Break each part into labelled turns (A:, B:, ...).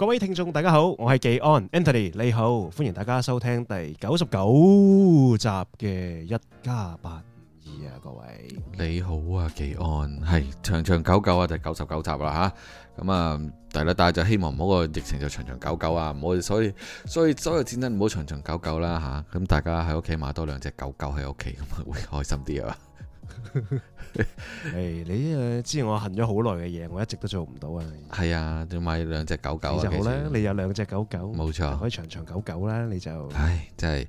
A: 各位聽眾大家好，我係紀安，Anthony 你好，歡迎大家收聽第九十九集嘅一家八五二啊！
B: 各位你好啊，紀安係長長久久啊，就九十九集啦吓，咁啊，第啦，但係就希望唔好個疫情就長長久久啊，唔好，所以所以所有戰爭唔好長長久久啦吓，咁大家喺屋企買多兩隻狗狗喺屋企咁啊，會開心啲啊！
A: 誒， hey, 你誒，之前我恨咗好耐嘅嘢，我一直都做唔到
B: 啊。係啊，仲買兩隻狗狗。就好啦、啊。
A: 你有兩隻狗狗，冇錯錯，你可以長長久久啦。你就，唉，真
B: 係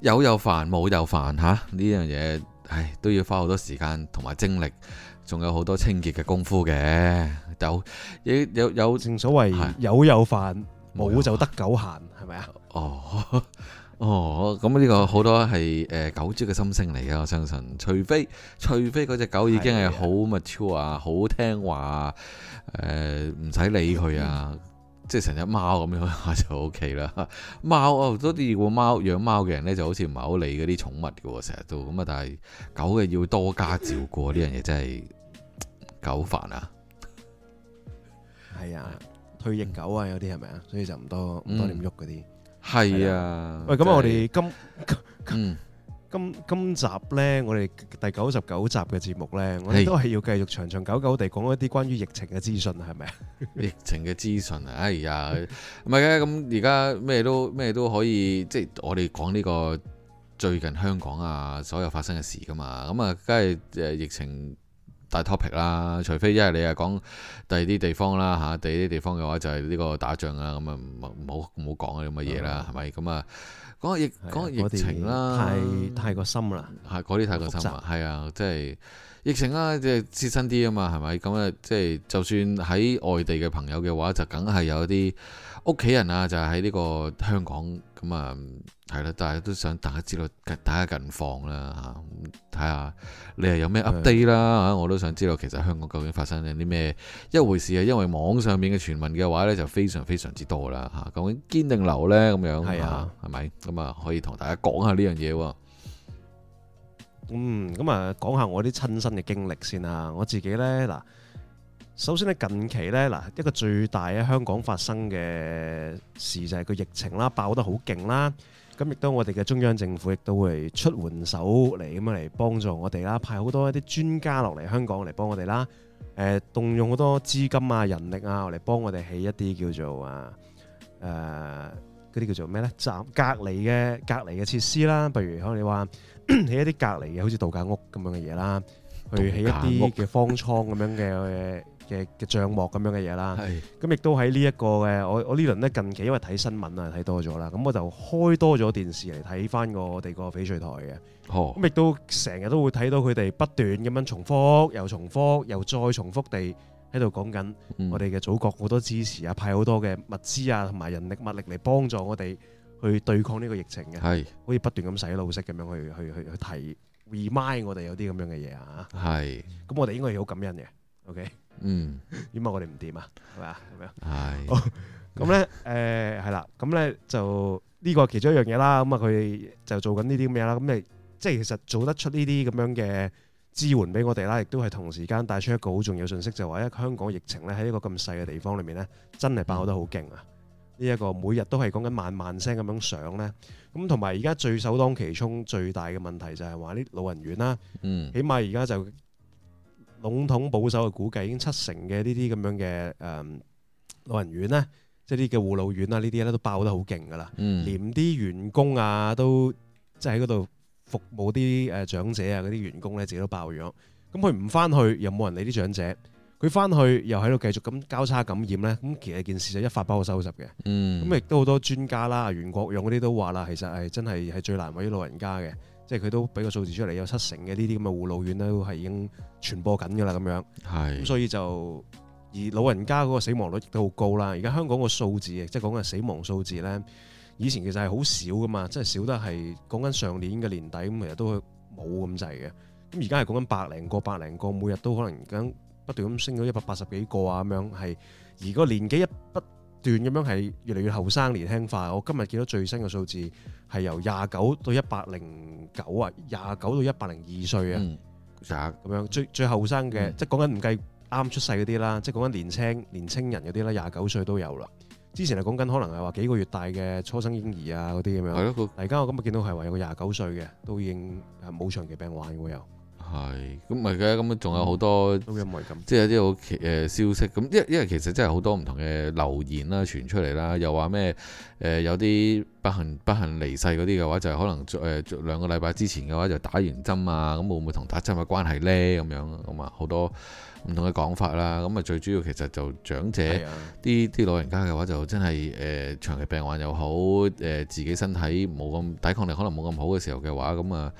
B: 有又煩，冇又煩吓。呢樣嘢，唉，都要花好多時間同埋精力，仲有好多清潔嘅功夫嘅。有，有，有，有正所謂有又煩，冇、啊、就得狗閒，係咪啊？哦。 哦，咁呢個好多係誒、呃、狗主嘅心聲嚟嘅，我相信。除非除非嗰隻狗已經係好 mature 啊的，好聽話誒，唔、呃、使理佢啊，嗯、即係成隻貓咁樣就 OK 啦。貓啊，好多啲養貓養貓嘅人咧，就好似唔係好理嗰啲寵物嘅，成日都咁 啊。但係狗嘅要多加照顧呢樣嘢，真係狗煩啊！
A: 係啊，退役狗啊，有啲係咪啊？所以就唔多唔多點喐嗰啲。嗯。
B: 係啊，喂，咁、就是、我哋今今、嗯、
A: 今集呢，我哋第九十九集嘅節目呢，我哋都係要繼續長長久久地講一啲關於疫情嘅資訊，係咪啊？疫情嘅
B: 資訊啊，哎呀，唔係嘅，咁而家咩都咩都可以，即、就、係、是、我哋講呢個最近香港啊所有發生嘅事㗎嘛，咁啊，梗係疫情。大 topic 啦，除非一係你係講第二啲地方啦嚇，第二啲地方嘅話就係呢個打仗啊，咁啊唔好唔好講啲咁嘅嘢啦，係咪？咁啊，嗰個疫情啦，太太過深啦，係嗰啲太過深，係啊，即係。疫情啊，即係切身啲啊嘛，係咪咁啊？即係就算喺外地嘅朋友嘅話，就梗係有啲屋企人啊，就喺呢個香港咁啊，係啦。但、嗯、係都想大家知道大家近況啦嚇，睇下你係有咩 update 啦嚇，是的 我都想知道其實香港究竟發生緊啲咩一回事啊？因為網上面嘅傳聞嘅話呢，就非常非常之多啦嚇、啊。究竟堅定流呢？咁樣係啊？係咪咁啊？可以同大家講下呢樣嘢喎。嗯，咁啊，講下我啲親身
A: 嘅經歷先啦。我自己呢，嗱，首先呢，近期呢，嗱，一個最大喺香港發生嘅事就係個疫情啦，爆得好勁啦。咁亦都我哋嘅中央政府亦都會出援手嚟咁樣嚟幫助我哋啦，派好多一啲專家落嚟香港嚟幫我哋啦。誒、呃，動用好多資金啊、人力啊嚟幫我哋起一啲叫做啊誒，嗰、呃、啲叫做咩呢？站隔離嘅隔離嘅設施啦，譬如可能你話。起一啲隔離嘅，好似度假屋咁樣嘅嘢啦，去起一啲嘅方艙咁樣嘅嘅嘅帳幕咁樣嘅嘢啦。係。咁亦都喺呢一個嘅，我我呢輪咧近期因為睇新聞啊，睇多咗啦，咁我就開多咗電視嚟睇翻我哋個翡翠台嘅。哦。咁亦都成日都會睇到佢哋不斷咁樣重複，又重複，又再重複地喺度講緊我哋嘅祖國好多支持啊，嗯、派好多嘅物資啊，同埋人力物力嚟幫助我哋。去對抗呢個疫情嘅，係可以不斷咁洗腦式咁樣去去去去提 remind 我哋有啲咁樣嘅嘢啊，係是，咁我哋應該係好感恩嘅，OK，
B: 嗯，
A: 點解我哋唔掂啊？係咪啊？咁樣是，係，咁咧，誒係啦，咁咧就呢個係其中一樣嘢啦，咁啊佢就做緊呢啲咩啦？咁你，即係其實做得出呢啲咁樣嘅支援俾我哋啦，亦都係同時間帶出一個好重要信息，就話咧香港疫情咧喺呢個咁細嘅地方裏面咧，真係爆得好勁啊！嗯呢一個每日都係講緊萬萬聲咁樣上咧，咁同埋而家最首當其衝、最大嘅問題就係話啲老人院啦，嗯，起碼而家就籠統保守嘅估計，已經七成嘅呢啲咁樣嘅誒、嗯、老人院咧，即係啲嘅護老院啊，呢啲咧都爆得好勁噶啦，嗯，連啲員工啊都即係喺嗰度服務啲誒長者啊，嗰啲員工咧自己都爆咗，咁佢唔翻去又冇人理啲長者。佢翻去又喺度繼續咁交叉感染咧，咁其實件事就一發不可收拾嘅。嗯，咁亦都好多專家啦、袁國勇嗰啲都話啦，其實係真係係最難為啲老人家嘅，即係佢都俾個數字出嚟，有七成嘅呢啲咁嘅護老院咧都係已經傳播緊㗎啦，咁樣係咁，是所以就而老人家嗰個死亡率亦都好高啦。而家香港個數字，即係講緊死亡數字咧，以前其實係好少噶嘛，即係少得係講緊上年嘅年底咁，其實都冇咁滯嘅。咁而家係講緊百零個、百零個，每日都可能不斷咁升到一百八十幾個啊咁樣係，而個年紀一不斷咁樣係越嚟越後生年輕化。我今日見到最新嘅數字係由廿九到一百零九啊，廿九到一百零二歲啊，咁樣最最後、嗯、生嘅，即係講緊唔計啱出世嗰啲啦，即係講緊年輕年青人嗰啲啦，廿九歲都有啦。之前係講緊可能係話幾個月大嘅初生嬰兒啊嗰啲咁樣，係咯。而家我今日見到係話有個廿九歲嘅，都已經冇長期病患嘅，有。
B: 係，咁咪嘅，咁仲有好多、嗯、有即係有啲好奇誒，消息，咁、一、因為其實真係好多唔同嘅留言啦，傳出嚟啦，又話咩誒有啲。不幸不幸離世嗰啲嘅話，就係、是、可能誒、呃、兩個禮拜之前嘅話就打完針啊，咁、嗯、會唔會同打針嘅關係呢？咁樣咁啊，好多唔同嘅講法啦。咁、嗯、啊，最主要其實就長者啲啲的老人家嘅話就真係誒、呃、長期病患又好，誒、呃、自己身體冇咁抵抗力，可能冇咁好嘅時候嘅話，咁啊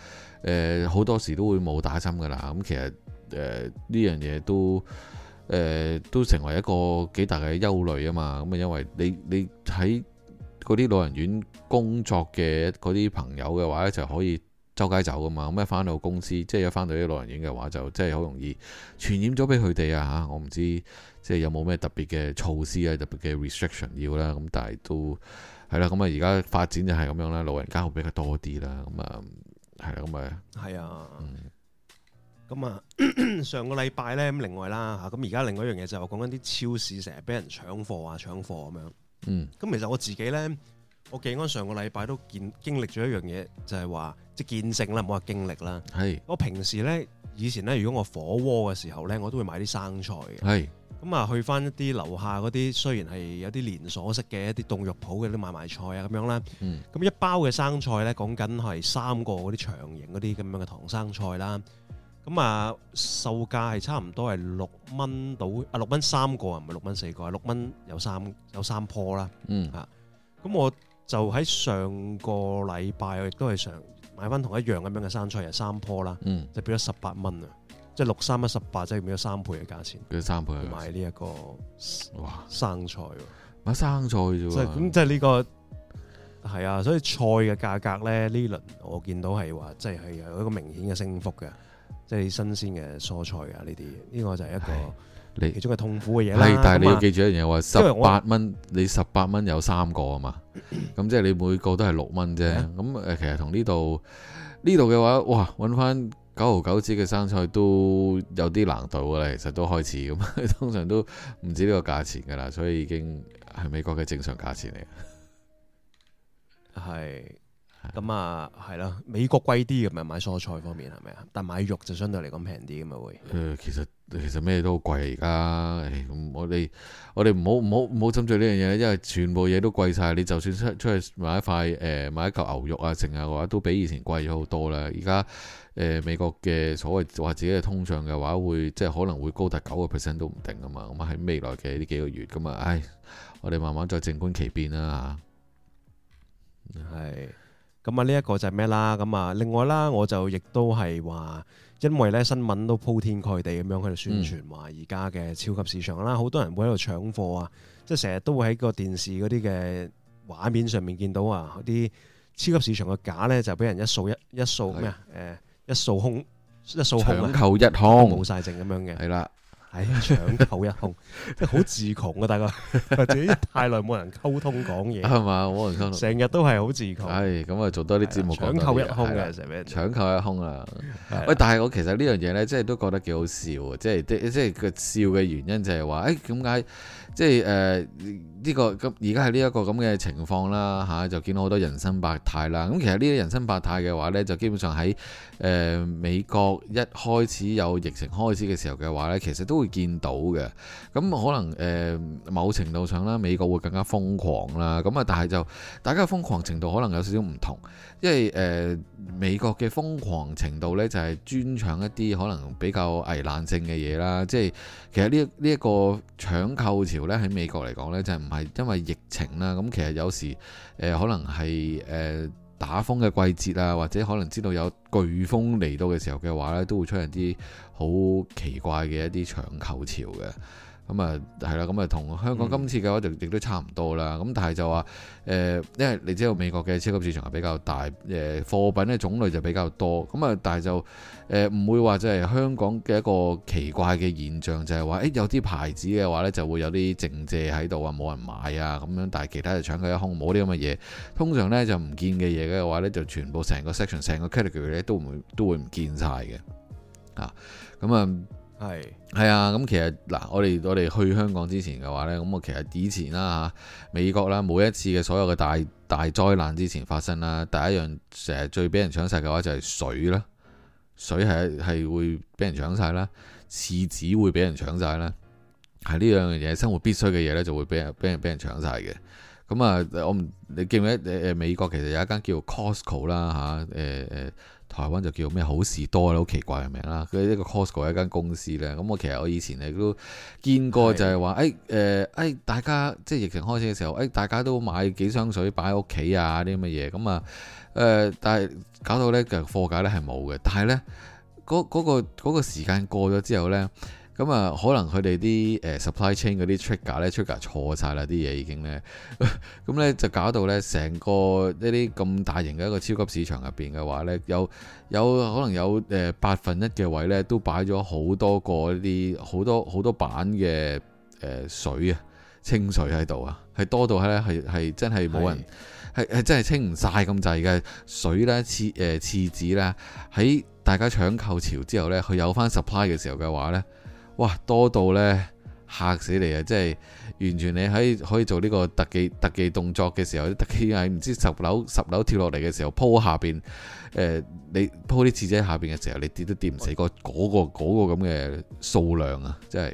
B: 誒好多時都會冇打針噶啦。咁、嗯、其實誒呢樣嘢都誒、呃、都成為一個幾大嘅憂慮啊嘛。咁啊，因為你你喺嗰啲老人院工作嘅嗰啲朋友嘅話咧，就可以周街走噶嘛。咁一翻到公司，即係一翻到啲老人院嘅話，就即係好容易傳染咗俾佢哋啊！嚇，我唔知即係有冇咩特別嘅措施啊，特別嘅 restriction 要啦。咁但係都係啦。咁啊，而家發展就係咁樣啦。老人家會比較多啲啦。咁啊，係啦。咁啊，
A: 係啊、嗯。咁啊， 上個禮拜咧咁另外啦嚇，咁而家另外一樣嘢就係我講緊啲超市成日俾人搶貨啊，搶貨咁樣。嗯，咁其實我自己咧，我記得上個禮拜都見經歷咗一樣嘢，就係、是、話即係見證啦，唔好話經歷啦。係是我平時咧，以前咧，如果我火鍋嘅時候咧，我都會買啲生菜嘅。係咁啊，去翻一啲樓下嗰啲，雖然係有啲連鎖式嘅一啲凍肉鋪嘅啲買買菜啊，咁樣啦。嗯，咁一包嘅生菜咧，講緊係三個嗰啲長形嗰啲咁樣嘅唐生菜啦。咁啊，售價係差唔多係六蚊到啊，六蚊三個啊，唔係六蚊四個啊，六蚊有三有三棵啦。嗯啊，咁我就喺上個禮拜，我亦都係想買返同一樣咁樣嘅生菜啊，有三棵啦。嗯，就變咗十八蚊啊，即係六三一十八，即係變咗三倍嘅價錢。變咗三倍啊！買呢一個哇生菜，
B: 買生菜啫喎。即係咁，
A: 即係呢個係啊，所以菜嘅價格咧，呢輪我見到係話，即係係有一個明顯嘅升幅嘅。即係新鮮嘅蔬菜啊！呢啲呢個就係一個你其中嘅痛苦嘅嘢啦。係，但係你要記住一樣嘢話，十八
B: 蚊你十八蚊有三個啊嘛，咁即係你每個都係六蚊啫。咁誒、啊，其實同呢度呢度嘅話，哇，揾翻九毫九子嘅生菜都有啲難度嘅，其實都開始咁，通常都唔止呢個價錢嘅啦，所以已經係美國嘅正常價錢嚟嘅。係。咁啊，
A: 係啦、嗯，美國貴啲嘅咪買蔬菜方面係咪啊？但買肉就相對嚟講平啲嘅咪會。
B: 誒，其實其實咩都貴啊而家。咁我哋我哋唔好唔好唔好針對呢樣嘢，因為全部嘢都貴晒。你就算出出去買一塊誒買一嚿牛肉啊，剩日嘅話都比以前貴咗好多啦。而家誒美國嘅所謂話自己嘅通脹嘅話，會即係可能會高達九個 percent 都唔定啊嘛。咁喺未來嘅呢幾個月咁啊，唉，我哋慢慢再靜觀其變啦、啊、嚇。係、嗯。咁啊，呢一
A: 個就係咩啦？咁啊，另外啦，我就亦都係話，因為咧新聞都鋪天蓋地咁樣喺度宣傳話而家嘅超級市場啦，好、嗯、多人會喺度搶貨啊！即係成日都會喺個電視嗰啲嘅畫面上面見到啊，啲超級市場嘅架咧就俾人一掃一一掃咩啊？誒係，一掃空一掃空搶購一空,一,一掃空冇晒剩咁樣嘅，係啦。係、哎、 搶購一空，即係好自窮啊！大家或者太耐冇人溝通講嘢，係
B: 嘛，冇人溝通，成日都係好自窮。係咁啊，做多啲節目講呀搶購一空嘅成日搶購一空啊！喂、 哎，但係我其實呢樣嘢咧，即係都覺得幾好笑啊！即係即係個笑嘅原因就係、是、話，誒點解？即係誒呢個咁而家係呢一個咁嘅情況啦，吓、啊、就見到好多人生百態啦。咁、啊、其實呢啲人生百態嘅話咧，就基本上喺誒、呃、美國一開始有疫情開始嘅時候嘅話咧，其實都會見到嘅。咁、啊、可能誒、呃、某程度上啦，美國會更加瘋狂啦。咁啊，但係就大家嘅瘋狂程度可能有少少唔同，因為誒、呃、美國嘅瘋狂程度咧就係專搶一啲可能比較危難性嘅嘢啦。即係其實呢呢一個搶購潮，潮。喺美國嚟講呢就係唔係因為疫情啦？咁其實有時誒、呃，可能係誒、呃、打風嘅季節啊，或者可能知道有颶風嚟到嘅時候嘅話呢都會出現啲好奇怪嘅一啲搶購潮嘅。咁啊，係啦，咁啊，同香港今次嘅話就亦都差唔多啦。咁但係就話，誒，因為你知道美國嘅超級市場係比較大，誒、呃、貨品咧種類就比較多。咁啊，但、呃、係就誒唔會話即係香港嘅一個奇怪嘅現象，就係、是、話，誒有啲牌子嘅話呢就會有啲剩借喺度啊，冇人買啊咁樣。但係其他就搶佢一空，冇啲咁嘅嘢。通常呢，就唔見嘅嘢嘅話呢，就全部成個 section 個、成個 category 咧都唔會都會唔見晒嘅。啊，咁、嗯、啊。係，係啊，咁其實嗱，我哋我哋去香港之前嘅話呢，咁我其實以前啦嚇，美國啦，每一次嘅所有嘅大大災難之前發生啦，第一樣成日最俾人搶晒嘅話就係水啦，水係係會俾人搶晒啦，廁紙會俾人搶晒啦，係呢兩樣嘢生活必須嘅嘢呢就會俾人俾人俾人搶晒嘅。咁啊，我唔你記唔記得誒美國其實有一間叫 Costco 啦、啊、吓。誒、呃、誒。台灣就叫咩好事多啦，好奇怪嘅名啦。佢呢個 Costco 一間公司呢。咁我其實我以前咧都見過就，就係話誒誒誒，大家即係疫情開始嘅時候，誒、哎、大家都買幾箱水擺喺屋企啊啲咁嘅嘢，咁啊誒、呃，但係搞到呢其實貨架呢係冇嘅，但係呢，嗰嗰、嗰個嗰、嗰個時間過咗之後呢。咁啊、嗯，可能佢哋啲誒、呃、supply chain 嗰啲 trigger 咧，trigger 錯晒啦啲嘢，已經咧，咁咧、 嗯、就搞到咧成個呢啲咁大型嘅一個超級市場入邊嘅話咧，有有可能有誒八、呃、分一嘅位咧，都擺咗好多個呢啲好多好多版嘅誒、呃、水啊，清水喺度啊，係多到係咧係係真係冇人係係是真係清唔晒咁滯嘅水咧、呃，廁誒、呃、廁紙咧喺大家搶購潮，潮之後咧，佢有翻 supply 嘅時候嘅話咧。哇，多到呢，嚇死你啊！即係完全你喺可以做呢個特技特技動作嘅時候，啲特技係唔知十樓十樓跳落嚟嘅時候，鋪下邊誒、呃、你鋪啲廁仔喺下邊嘅時候，你跌都跌唔死、嗰個嗰、哎嗰個咁嘅、嗰個、數量啊！即係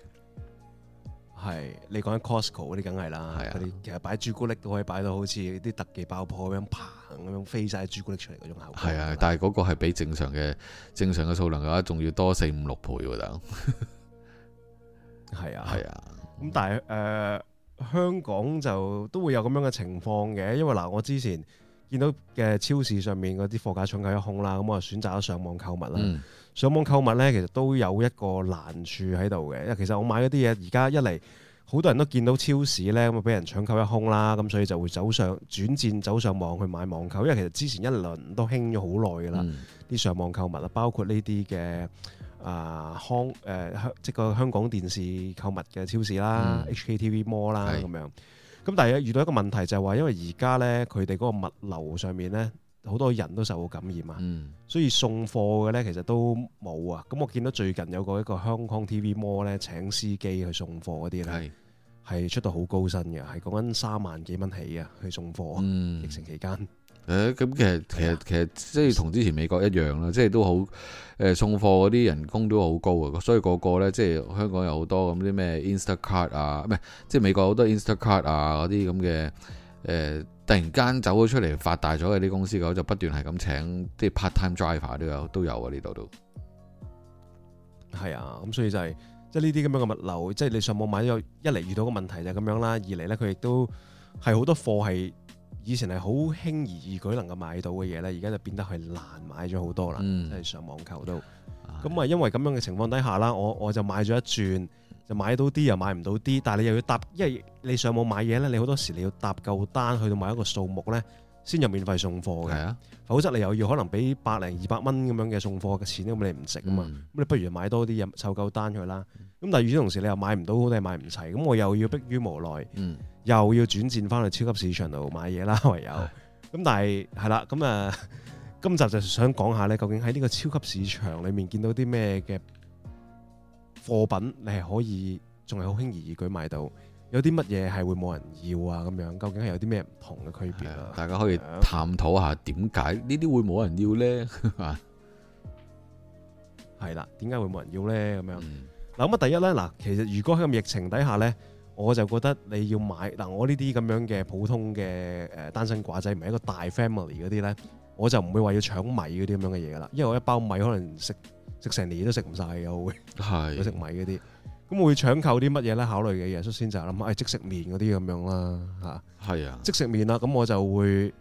A: 係你講緊 Costco 嗰啲梗係啦，嗰啲其實擺朱古力都可以擺到好似啲特技爆破咁樣，啪咁樣飛晒朱古力出嚟嗰種效果。
B: 係啊，但係嗰個係比正常嘅正常嘅數量嘅話，仲要多四五六倍喎。係啊，係啊。
A: 咁、嗯、但係，誒、呃，香港就都會有咁樣嘅情況嘅。因為嗱、呃，我之前見到嘅超市上面嗰啲貨架搶購一空啦，咁我就選擇咗上網購物啦。嗯、上網購物呢，其實都有一個難處喺度嘅。因為其實我買嗰啲嘢，而家一嚟好多人都見到超市呢，咁啊，俾人搶購一空啦，咁所以就會走上轉戰走上網去買網購。因為其實之前一輪都興咗好耐噶啦，啲、嗯、上網購物啊，包括呢啲嘅。啊、呃、康誒香、呃、即個香港電視購物嘅超市啦，HKTV Mall 啦咁樣，咁但係遇到一個問題就係話，因為而家呢，佢哋嗰個物流上面呢，好多人都受到感染啊，嗯、所以送貨嘅呢，其實都冇啊。咁我見到最近有個一個香港 TV Mall 呢，請司機去送貨嗰啲呢，係的出到好高薪嘅，係講緊三萬幾蚊起啊，去送貨，嗯、疫情期間。
B: 誒咁、嗯、其實其實其實即係同之前美國一樣啦，即係都好誒、呃、送貨嗰啲人工都好高啊，所以個個咧即係香港有好多咁啲咩 Instacart 啊，唔係即係美國好多 Instacart 啊嗰啲咁嘅誒，突然間走咗出嚟發大咗嘅啲公司嘅就不斷係咁請即係 part time driver 都有都有啊呢度都係啊，
A: 咁所以就係、是、即係呢啲咁樣嘅物流，即、就、係、是、你上網買咗一嚟遇到個問題就係咁樣啦，二嚟咧佢亦都係好多貨係。以前係好輕而易舉能夠買到嘅嘢咧，而家就變得係難買咗好多啦。即係、嗯、上網購都，咁啊、嗯，因為咁樣嘅情況底下啦，我我就買咗一轉，就買到啲又買唔到啲。但係你又要搭，因為你上網買嘢咧，你好多時你要搭夠單去到買一個數目咧，先有免費送貨嘅。啊、否則你又要可能俾百零二百蚊咁樣嘅送貨嘅錢，咁你唔值啊嘛。咁、嗯、你不如買多啲嘢，湊夠單去啦。咁但係與此同時，你又買唔到，或者買唔齊，咁我又要逼於無奈。嗯又要轉戰翻去超級市場度買嘢啦，唯有咁。的但係係啦，咁啊，今集就想講下呢，究竟喺呢個超級市場裏面見到啲咩嘅貨品，你係可以仲係好輕而易舉買到？有啲乜嘢係會冇人要啊？咁樣究竟係有啲咩唔同嘅區別啊？大家可以探討下點解呢啲會冇人要呢？係 啦，點解會冇人要呢？咁樣嗱咁啊，第一呢，嗱，其實如果喺咁疫情底下呢。我就覺得你要買嗱，我呢啲咁樣嘅普通嘅誒單身寡仔，唔係一個大 family 嗰啲咧，我就唔會話要搶米嗰啲咁樣嘅嘢啦，因為我一包米可能食食成年都食唔晒，嘅，會係食米嗰啲，咁會搶購啲乜嘢咧？考慮嘅嘢首先就係諗，係即食麵嗰啲咁樣啦，嚇係啊，即食麵啦，咁、啊、我就會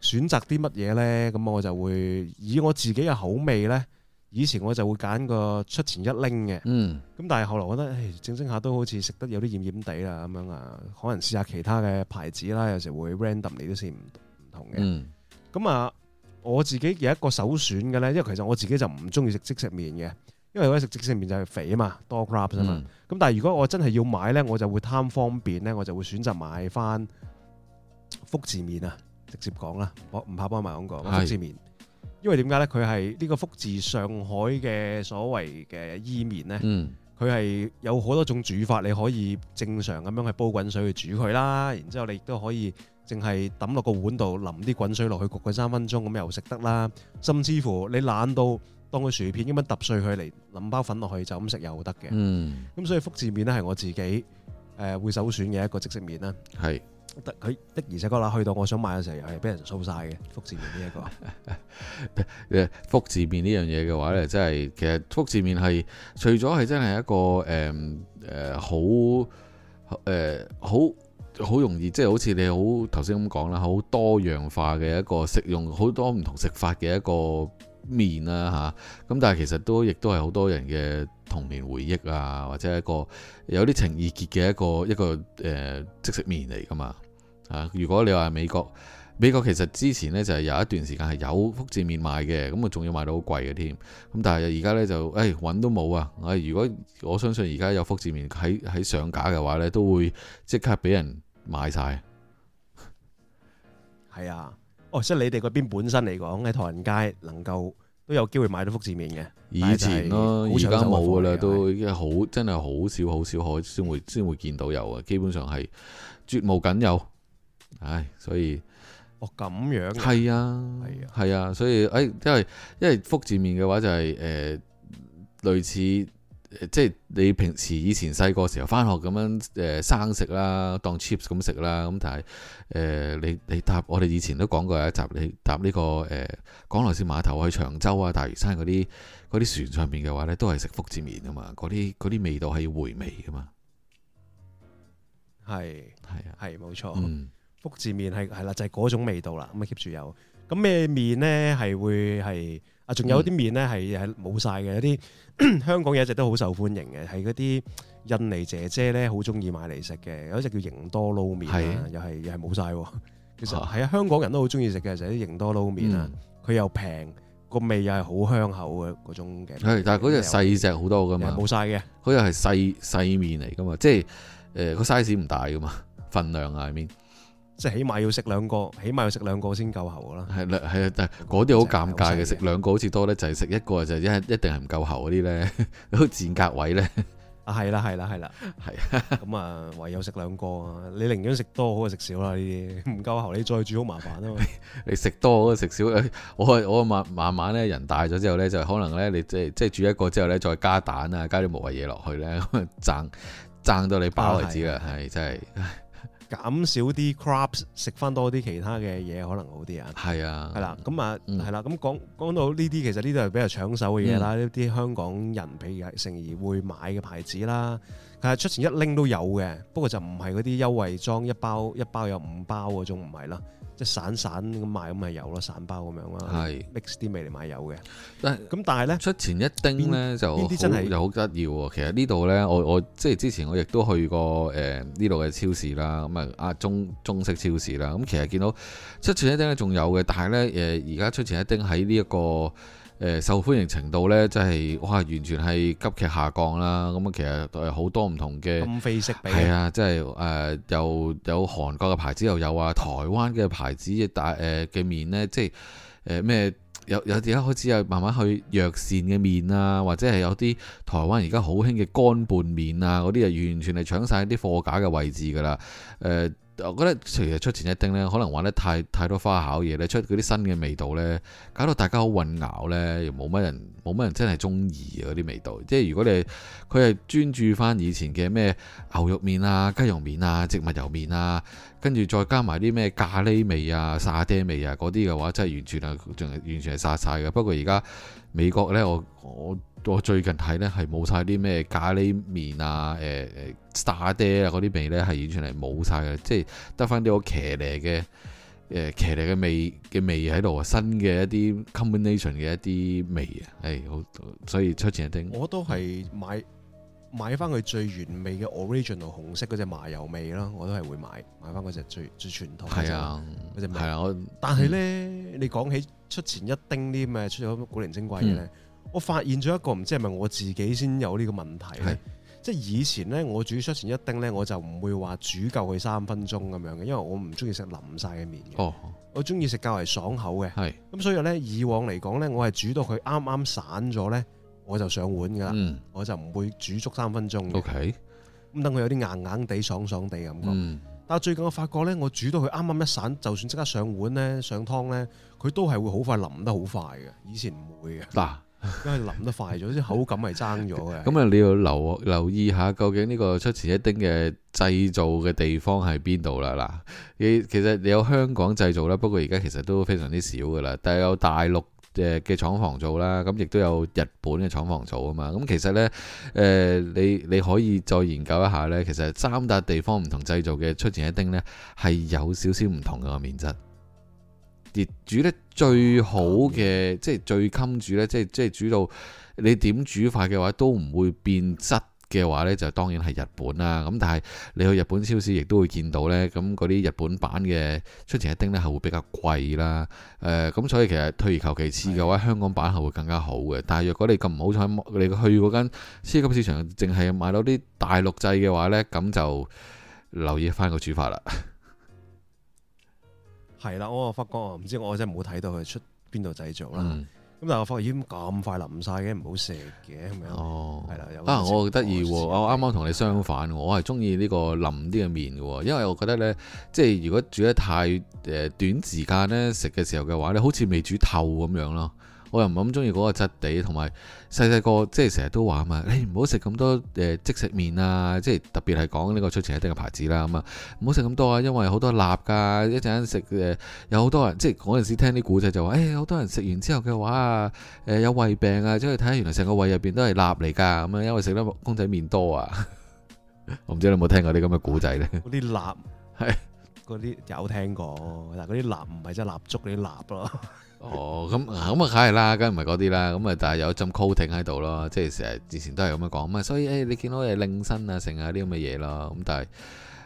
A: 選擇啲乜嘢咧？咁我就會以我自己嘅口味咧。以前我就會揀個出前一丁嘅，咁、嗯、但係後來我覺得唉，正正下都好似食得有啲厭厭哋啦咁樣啊，可能試下其他嘅牌子啦，有時會 random 你都先唔唔同嘅。咁啊、嗯，我自己有一個首選嘅咧，因為其實我自己就唔中意食即食麵嘅，因為如果食即食麵就係肥啊嘛，多 carb 啊嘛。咁但係如果我真係要買咧，我就會貪方便咧，我就會選擇買翻福字麵啊！直接講啦，我唔怕幫埋講個福字麵。因為點解呢？佢係呢個福字上海嘅所謂嘅伊麵呢，佢係、嗯、有好多種煮法，你可以正常咁樣去煲滾水去煮佢啦，然之後你亦都可以淨係抌落個碗度淋啲滾水落去，去焗佢三分鐘咁又食得啦。甚至乎你懶到當個薯片咁樣揼碎佢嚟淋包粉落去就咁食又得嘅。咁、嗯、所以福字麵呢，係我自己誒、呃、會首選嘅一個即食麵啦。係。佢的而且確啦，去到我想買嘅時候又係俾人掃晒嘅。福字麵呢一個
B: 誒， 福字麵呢樣嘢嘅話咧，真係其實福字麵係除咗係真係一個誒誒好誒好好容易，即係好似你好頭先咁講啦，好多樣化嘅一個食用好多唔同食法嘅一個麵啦吓，咁但係其實都亦都係好多人嘅童年回憶啊，或者一個有啲情意結嘅一個一個誒即食麵嚟噶嘛。啊！如果你話美國，美國其實之前呢就係有一段時間係有福字麵賣嘅，咁啊仲要賣到好貴嘅添。咁但係而家呢就，誒、哎、揾都冇啊，哎！如果我相信而家有福字麵喺喺上架嘅話呢，都會即刻俾人買晒。
A: 係啊，哦，即係你哋嗰邊本身嚟講喺唐人街能夠都有機會買到福字麵嘅，以前咯，而家冇
B: 噶啦，的都好真係好少好少可先會先會見到有啊，基本上係絕無僅有。唉，所以哦咁樣，係啊，係啊，係啊，所以誒、哎，因為因為福字面嘅話就係、是、誒、呃、類似，即係你平時以前細個時候返學咁樣誒生食啦，當 chips 咁食啦，咁但係誒、呃、你你搭我哋以前都講過一集你搭呢、這個誒、呃、港龍線碼頭去長洲啊大嶼山嗰啲嗰啲船上面嘅話咧，都係食福字麵啊嘛，嗰啲嗰啲味道係要回味噶嘛，
A: 係係是啊，係冇錯。嗯福字麵係係啦，就係嗰種味道啦。咁 keep 住有咁咩麵咧，係會係啊，仲有啲麵咧係係冇曬嘅。有啲香港嘢一直都好受歡迎嘅，係嗰啲印尼姐姐咧好中意買嚟食嘅。有一隻叫營多撈麵啊，又係又係冇曬。其實係啊，香港人都好中意食嘅就係啲營多撈麵啊。佢又平個味又係好香口嘅嗰種嘅。係，但係嗰隻細
B: 隻好多㗎嘛，冇曬嘅嗰隻係細細麵嚟㗎嘛，即係誒個 size 唔大㗎嘛，分量啊麵。即係起碼要食兩個，起碼要食兩個先夠喉㗎啦。係啦，係啊，但係嗰啲好尷尬嘅，食兩個好似多咧，就係、是、食一個就一一定係唔夠喉嗰啲咧，好賤格位咧。啊，係啦，
A: 係啦，係啦，係。咁啊，唯有食兩個啊，你寧願食多好過食少啦，呢啲唔夠喉，你再煮好麻煩啊，
B: 你食多好過食少，我我，我，我慢慢慢咧，人大咗之後咧，就可能咧，你即係即係煮一個之後咧，再加蛋啊，加啲無謂嘢落去咧，可能掙掙到你飽為止啦，係真係。減
A: 少啲 crabs 食翻多啲其他嘅嘢可能好啲啊。係啊，係啦、嗯，咁啊係啦，咁講講到呢啲，其實呢度係比較搶手嘅嘢啦。呢啲、嗯、香港人譬如成而會買嘅牌子啦，係出前一丁都有嘅，不過就唔係嗰啲優惠裝一包一包有五包嗰種唔係啦。即散散咁賣，咁咪有咯，散包咁樣咯，係 mix 啲味嚟買有嘅。
B: 但咁是但係咧，出前一丁咧哪就邊啲真係又好得意喎。其實呢度咧，我我即係之前我亦都去過誒呢度嘅超市啦，咁啊啊中中式超市啦。咁其實見到出前一丁咧仲有嘅，但係咧誒而家出前一丁喺呢一個。誒受歡迎程度呢，真係哇，完全係急劇下降啦。咁啊，其實誒好多唔同嘅，金、呃、啊，即係誒有有韓國嘅牌子又有啊，台灣嘅牌子嘅大誒嘅麵呢。即係咩、呃、有有而家開始又慢慢去弱線嘅麵啊，或者係有啲台灣而家好興嘅乾拌麵啊，嗰啲啊完全係搶晒啲貨架嘅位置㗎啦，誒、呃。我覺得其實出前一丁呢，可能玩得太太多花巧嘢咧，出嗰啲新嘅味道呢，搞到大家好混淆呢，又冇乜人冇乜人真係中意嗰啲味道。即係如果你佢係專注翻以前嘅咩牛肉麵啊、雞肉麵啊、植物油麵啊，跟住再加埋啲咩咖喱味啊、沙爹味啊嗰啲嘅話，真係完全係完全係殺晒嘅。不過而家美國呢，我我。我最近睇咧，係冇晒啲咩咖喱麵啊、誒誒沙爹啊嗰啲味咧，係完全係冇晒嘅，即係得返啲個騎呢嘅誒騎呢嘅味嘅味喺度啊！新嘅一啲 combination 嘅一啲味啊，係、哎、好所以出前一丁
A: 我都係買買返佢最原味嘅 original 紅色嗰隻麻油味咯，我都係會買買返嗰隻最最傳統嘅。係啊，嗰隻係啊，我但係咧、嗯、你講起出前一丁啲咩？出咗古靈精怪嘅咧。我發現咗一個唔知係咪我自己先有呢個問題，是即係以前呢，我煮出前一丁呢，我就唔會話煮夠佢三分鐘咁樣嘅，因為我唔中意食腍晒嘅麵嘅，哦、我中意食較為爽口嘅。咁是所以呢，以往嚟講呢，我係煮到佢啱啱散咗呢，我就上碗噶啦，嗯、我就唔會煮足三分鐘嘅。O K，咁等佢有啲硬硬地爽爽地咁講。嗯、但係最近我發覺呢，我煮到佢啱啱一散，就算即刻上碗呢、上湯呢，佢都係會好快腍得好快嘅。以前唔會嘅。梗係諗得快咗，啲口感係爭咗嘅。
B: 咁啊，你要留留意下究竟呢個出前一丁嘅製造嘅地方喺邊度啦？嗱，其實你有香港製造啦，不過而家其實都非常之少噶啦。但係有大陸嘅嘅廠房做啦，咁亦都有日本嘅廠房做啊嘛。咁其實呢，誒，你你可以再研究一下呢。其實三笪地方唔同製造嘅出前一丁呢，係有少少唔同嘅麵質。而煮得最好嘅，嗯、即係最襟煮咧，即係即係煮到你點煮法嘅話，都唔會變質嘅話呢，就當然係日本啦。咁但係你去日本超市亦都會見到呢，咁嗰啲日本版嘅出前一丁呢，係會比較貴啦。誒、呃，咁所以其實退而求其次嘅話，的香港版係會更加好嘅。但係若果你咁唔好彩，你去嗰間超級市場淨係買到啲大陸製嘅話呢，咁就留意翻個煮法啦。
A: 係啦，我又發覺唔知我真係冇睇到佢出邊度製造啦。咁但係我發覺已經咁快腍晒嘅，唔好食嘅咁樣。哦，係啦。但係我
B: 得意喎，我啱啱同你相反，的我係中意呢個腍啲嘅麵嘅，因為我覺得咧，即係如果煮得太誒短時間咧，食嘅時候嘅話咧，好似未煮透咁樣咯。我又唔係咁中意嗰個質地，同埋細細個即係成日都話啊嘛，你唔好食咁多誒即食麵啊！即係特別係講呢個出前一丁嘅牌子啦，咁啊唔好食咁多啊，因為好多蠟噶、啊、一陣間食誒有好多人，即係嗰陣時聽啲古仔就話，誒、欸、好多人食完之後嘅話啊、呃，有胃病啊，即係睇下原來成個胃入邊都係蠟嚟㗎，咁啊因為食得公仔麵多啊， 我唔知你有冇聽過啲咁嘅古仔咧？嗰啲蠟係
A: 嗰啲有聽過，但嗰啲蠟唔係即係蠟燭嗰啲蠟咯。哦，咁咁啊，梗
B: 係啦，梗唔係嗰啲啦，咁啊，但係有浸 coating 喺度咯，即係成日之前都係咁樣講，咁啊，所以誒，你見到誒令身啊，剩啊啲咁嘅嘢咯，咁但係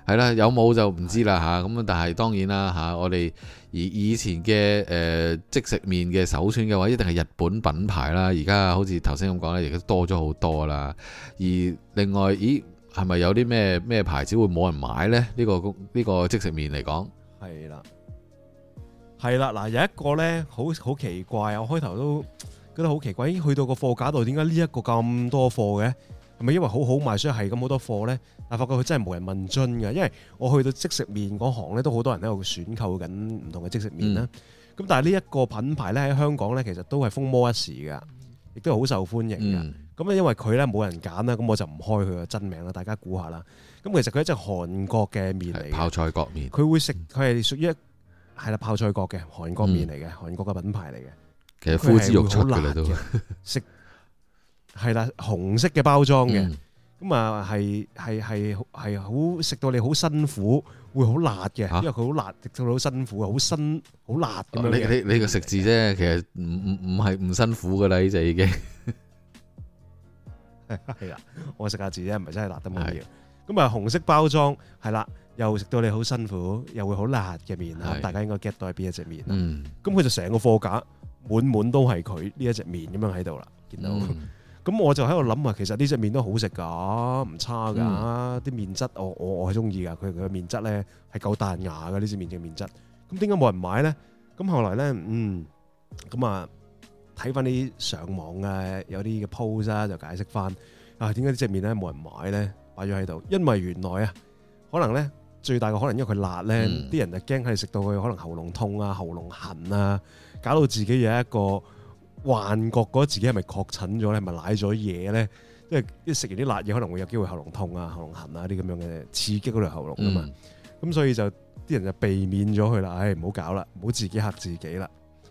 B: 係啦，有冇就唔知啦吓，咁啊，但係當然啦吓，我哋以以前嘅誒即食麵嘅首選嘅話，一定係日本品牌啦，而家好似頭先咁講咧，而家多咗好多啦。而另外，咦係咪有啲咩咩牌子會冇人買咧？呢、呢個呢、呢個即食麵嚟講，
A: 係啦、嗯。係啦，嗱有一個咧，好好奇怪，我開頭都覺得好奇怪，咦？去到個貨架度，點解呢一個咁多貨嘅？係咪因為好好賣，所以係咁好多貨咧？但係發覺佢真係冇人問津嘅，因為我去到即食麵嗰行咧，都好多人喺度選購緊唔同嘅即食麵啦。咁、嗯、但係呢一個品牌咧，喺香港咧，其實都係風魔一時㗎，亦都係好受歡迎嘅。咁咧、嗯、因為佢咧冇人揀啦，咁我就唔開佢嘅真名啦，大家估下啦。咁其實佢係一隻韓國嘅麵嚟，泡菜國麵，佢會食，佢係屬於一。係啦， 泡菜國嘅韓國麵嚟嘅，韓國嘅品牌嚟嘅。
B: 其實呼之欲出嘅都
A: 食係啦，紅色嘅包裝嘅。咁啊、嗯，係係係係好食到你好辛苦，會好辣嘅、 啊，因為佢好辣，食到你好辛苦，好辛好辣。咁啊，你你你
B: 個食字啫，其實唔唔唔係唔辛苦噶啦，呢隻已經係
A: 啦。我食下字啫，唔係真係辣得冇嘢。咁啊，紅色包裝係啦，又食到你好辛苦，又會好辣嘅麵啊！大家應該 get 到係邊一隻麵啊？咁佢就成個貨架滿滿都係佢呢一隻麵咁樣喺度啦，見到。咁我就喺度諗話，其實呢隻麵都好食噶，唔差噶，啲麵質我我我係中意噶，佢佢嘅麵質咧係夠彈牙嘅呢隻麵嘅麵質。咁點解冇人買咧？咁後來咧，嗯，咁啊，睇翻啲上網啊，有啲嘅 post 啊，就解釋翻啊，點解呢隻麵咧冇人買咧？擺咗喺度，因為原來啊，可能咧最大嘅可能，因為佢辣咧，啲、嗯、人就驚佢食到佢可能喉嚨痛啊、喉嚨痕啊，搞到自己有一個幻覺，覺得自己係咪確診咗咧，係咪瀨咗嘢咧？即係啲食完啲辣嘢可能會有機會喉嚨痛啊、喉嚨痕啊啲咁樣嘅刺激嗰度喉嚨啊嘛，咁、嗯、所以就啲人就避免咗佢啦，唉，唔好搞啦，唔好自己嚇自己啦，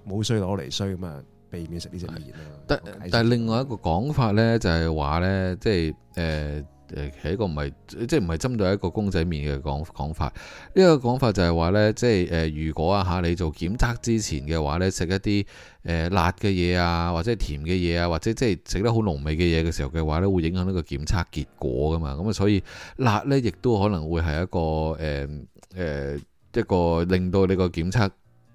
A: 冇衰攞嚟衰咁啊，避免食呢隻麵啊。
B: 但但另外一個講法咧就係話咧，即係誒。就是誒，係一個唔係，即係唔係針對一個公仔麵嘅講講法。呢、這、一個講法就係話呢即係誒、呃，如果啊嚇你做檢測之前嘅話呢食一啲誒、呃、辣嘅嘢啊，或者係甜嘅嘢啊，或者即係食得好濃味嘅嘢嘅時候嘅話呢會影響呢個檢測結果㗎嘛。咁、嗯、啊，所以辣呢亦都可能會係一個誒誒、呃呃、一個令到你個檢測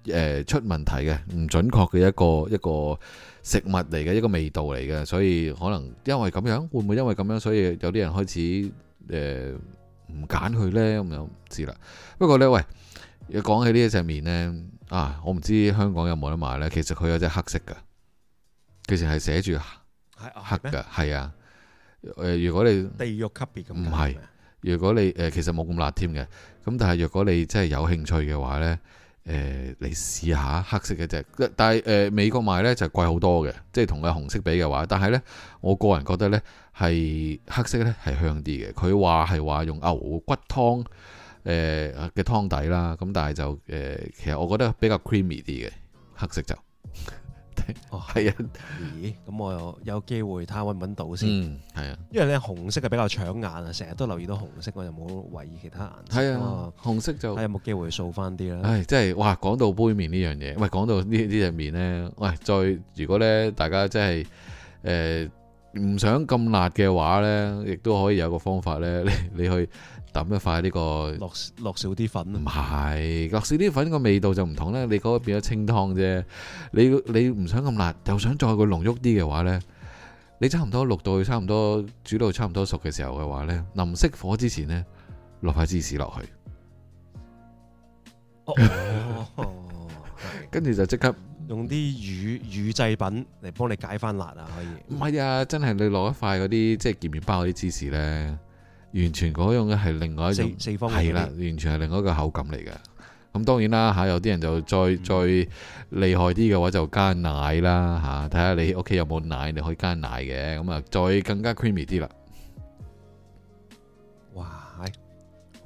B: 誒出問題嘅唔準確嘅一個一個。一個一個食物嚟嘅一個味道嚟嘅，所以可能因為咁樣，會唔會因為咁樣，所以有啲人開始誒唔揀佢呢？咁樣，唔知啦。不過呢，喂，講起呢一隻麵呢，啊，我唔知香港有冇得買呢。其實佢有隻黑色嘅，其實係寫住黑嘅，係啊咩？誒、呃，如果你地獄級別咁，唔係。如果你誒、呃、其實冇咁辣添嘅，咁但係若果你真係有興趣嘅話呢。誒嚟試下黑色嘅啫，但係誒、呃、美國賣呢就貴好多嘅，即係同佢紅色比嘅話，但係呢，我個人覺得呢係黑色呢係香啲嘅。佢話係話用牛骨湯誒嘅、呃、湯底啦，咁但係就誒、呃、其實我覺得比較 creamy 啲嘅黑色就。 哦，係啊，咦，咁我又有機會睇下搵唔搵到先，係啊、嗯，因為咧紅
A: 色係比較搶眼啊，成日都留意到紅色，我就冇懷疑其他顏色。係啊的，我紅色就，睇有冇機會掃翻啲啦？唉，
B: 即係，哇，講到杯麵呢樣嘢，唔係講到呢呢隻麵咧，喂，再如果咧，大家即係，誒、呃。唔想咁辣嘅話呢，亦都可以有個方法呢。你你去抌一塊呢個落落少啲粉，唔係落少啲粉個味道就唔同呢。你嗰個變咗清湯啫。你你唔想咁辣，又想再個濃郁啲嘅話呢，你差唔多六度，差唔多煮到差唔多熟嘅時候嘅話呢，臨熄火之前呢，落塊芝士落去。跟住就即刻。用啲乳乳製品
A: 嚟幫你解翻辣啊！可以
B: 唔係啊？真係你攞一塊嗰啲即係熱麵包嗰啲芝士咧，完全嗰種係另外一種係啦，完全係另外一個口感嚟嘅。咁當然啦嚇，有啲人就再再、嗯、厲害啲嘅話，就加奶啦嚇。睇、啊、下你屋企有冇奶，你可以加奶嘅。咁啊，再更加 creamy 啲啦。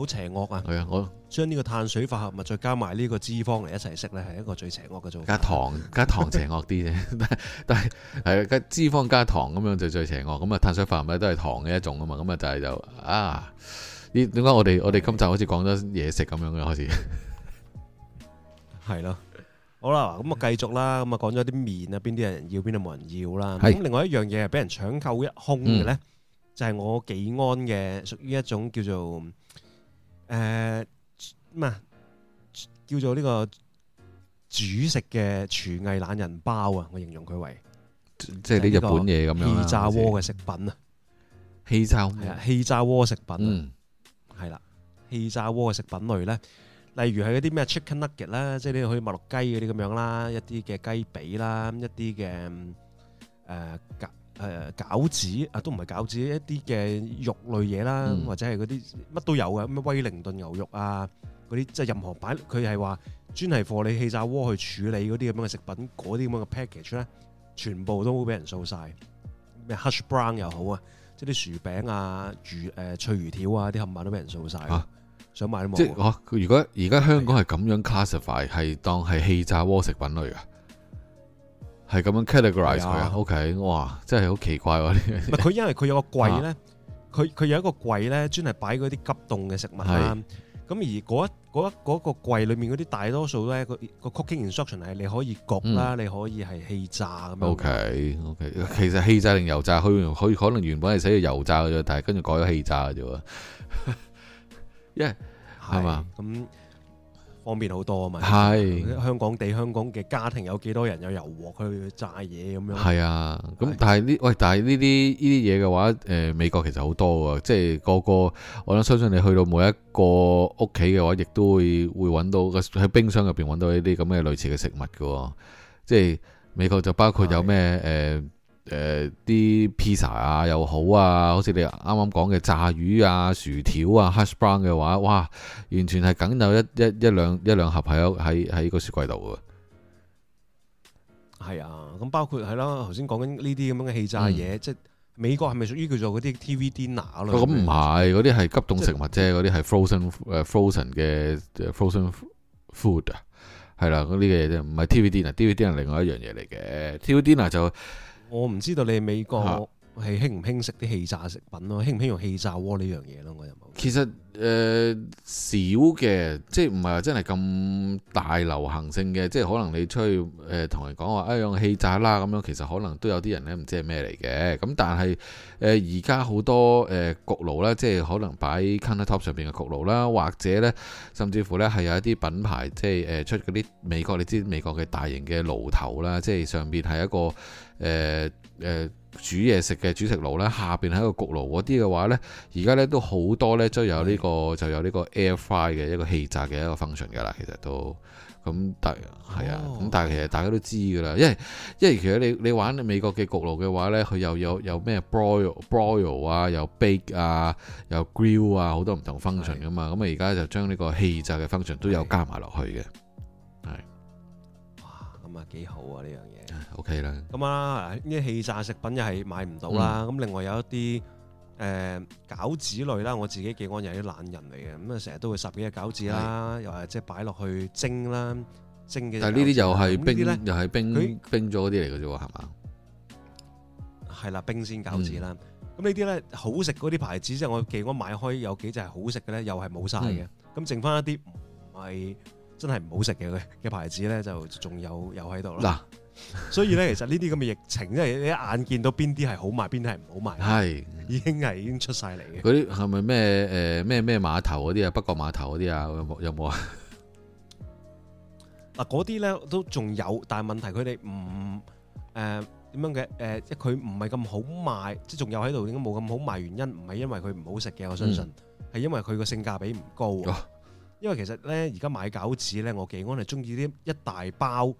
B: 好邪惡啊！係啊，我將呢個碳水
A: 化合物再加埋呢個脂肪嚟一齊食咧，係一個最邪惡嘅做法。加糖，加糖邪惡
B: 啲啫。 但係脂肪加糖咁樣就最邪惡。咁啊，碳水化合物都係糖嘅一種啊嘛。咁啊，就係就啊，呢點解我哋我哋今集好似講咗嘢食咁樣嘅開始？
A: 係咯，好啦，咁啊繼續啦。咁啊講咗啲麵啊，邊啲人要邊度冇人要啦。咁的另外一樣嘢係俾人搶購一空嘅咧，嗯、就係我己安嘅，屬於一種叫做。誒，唔、呃、叫做呢個煮食嘅廚藝懶人包啊，我形容佢為，即係呢日本嘢咁樣，氣炸鍋嘅食品啊，氣炸係啊，氣炸鍋食品，係啦，氣炸鍋嘅食品類咧，例如係嗰啲咩 chicken nugget 啦，即係啲可以麥樂雞嗰啲咁樣啦，一啲嘅雞髀啦，一啲嘅誒誒餃子啊，都唔係餃子，一啲嘅肉類嘢啦，嗯、或者係嗰啲乜都有嘅，咩威靈頓牛肉啊，嗰啲即係任何擺，佢係話專係 for 你氣炸鍋去處理嗰啲咁樣嘅食品，嗰啲咁樣嘅 package 咧，全部都俾人掃晒。咩 hush brown 又好啊，即係啲薯餅啊、魚誒脆魚條啊，啲冚唪唥都俾人掃曬，啊、想買都冇。即
B: 係我如果而家香港係咁樣 classify，係當係氣炸鍋食品類嘅。係咁樣 categorize 佢啊，OK，哇，真係好奇怪喎、啊！佢因為佢有個櫃咧，
A: 佢佢有一個櫃咧、啊，專係擺嗰啲急凍嘅食物啦。咁、啊啊、而嗰、那個、一一嗰個櫃裏面嗰啲大多數咧，個 cooking instruction 係你可以焗啦，嗯、你可以係氣炸
B: 咁樣、嗯。OK OK，其實氣炸定油炸，佢佢可能原本係寫住油炸嘅，但係跟住改咗氣炸嘅啫喎。因為係嘛咁。
A: 方便好多啊嘛是，香港地香港嘅家庭有幾多人有油鑊去炸嘢咁樣？係
B: 啊，咁但係呢的喂，但係呢啲呢啲嘢嘅話，誒、呃、美國其實好多嘅，即係個個，我諗相信你去到每一個屋企嘅話，亦都會會揾到個喺冰箱入邊揾到呢啲咁嘅類似嘅食物嘅，即係美國就包括有咩誒？的誒，啲 pizza、呃、啊又好啊，好似你啱啱講嘅炸魚啊、薯條啊、mm、hash、hmm. brown 嘅話，哇，完全係梗有一一一兩一兩盒喺喺喺個雪櫃度嘅。
A: 係啊，咁包括係啦，頭先講緊呢啲咁樣嘅氣炸嘢，的即係美國係咪屬於叫做嗰啲 TV dinner 嗰類？咁唔
B: 係，嗰啲係急凍食物啫，嗰啲係 frozen frozen 嘅 frozen food 啊，係啦，嗰啲嘅嘢啫，唔係 TV dinner。TV dinner 另外一樣嘢嚟嘅，TV dinner 就。我唔知道你係美國。係興唔興食啲氣炸食品咯？興唔興用氣炸鍋呢樣嘢咯？我又冇。其實誒少嘅，即係唔係話真係咁大流行性嘅，即係可能你出去誒同、呃、人講話啊用氣炸啦咁樣，其實可能都有啲人咧唔知係咩嚟嘅。咁但係誒而家好多誒、呃、焗爐咧，即係可能擺 countertop 上邊嘅焗爐啦，或者咧甚至乎咧係有一啲品牌即係誒、呃、出嗰啲美國，你知美國嘅大型嘅爐頭啦，即係上邊係一個誒誒。呃呃呃煮嘢食嘅煮食爐呢，下邊喺個焗爐嗰啲嘅話呢，而家呢都好多呢，都有呢個就有呢個 air fry 嘅一個氣炸嘅一個 function 噶啦，其實都咁但係啊，咁但係其實大家都知噶啦，因為因為其實你你玩美國嘅焗爐嘅話呢，佢又有有咩 broil broil 啊，又 bake 啊，又 grill 啊，好多唔同 function 噶嘛，咁啊而家就將呢個氣炸嘅 function 都有加埋落去嘅，係的的哇，咁啊幾好啊呢樣。O K 啦，
A: 咁啊呢啲氣炸食品又係買唔到啦。咁另外有一啲誒餃子類啦，我自己寄安又係啲懶人嚟嘅，咁啊成日都會十幾隻餃子啦，又係即係擺落去蒸啦，蒸嘅。但係呢啲又係冰，又係冰
B: 冰咗嗰啲嚟嘅啫
A: 喎，係咪啊？係啦，冰鮮餃子啦。咁呢啲咧好食嗰啲牌子，即係我寄安買開有幾隻係好食嘅咧，又係冇晒嘅。咁剩翻一啲唔係真係唔好食嘅嘅牌子咧，就仲有又喺度咯。嗱。所以咧，其實呢啲咁嘅疫情，因為你一眼見到邊啲係好賣，邊啲係唔好賣，係已經係已經出晒嚟嘅。嗰
B: 啲係咪咩誒咩咩碼頭嗰啲啊？北角碼頭嗰啲啊？有冇有冇
A: 啊？嗱，嗰啲咧都仲有，但係問題佢哋唔誒點樣嘅？誒，即係佢唔係咁好賣，即係仲有喺度，點解冇咁好賣？原因唔係因為佢唔好食嘅，我相信係因為佢個性價比唔高。因為其實咧，而家買餃子咧，我記安係中意啲一大包。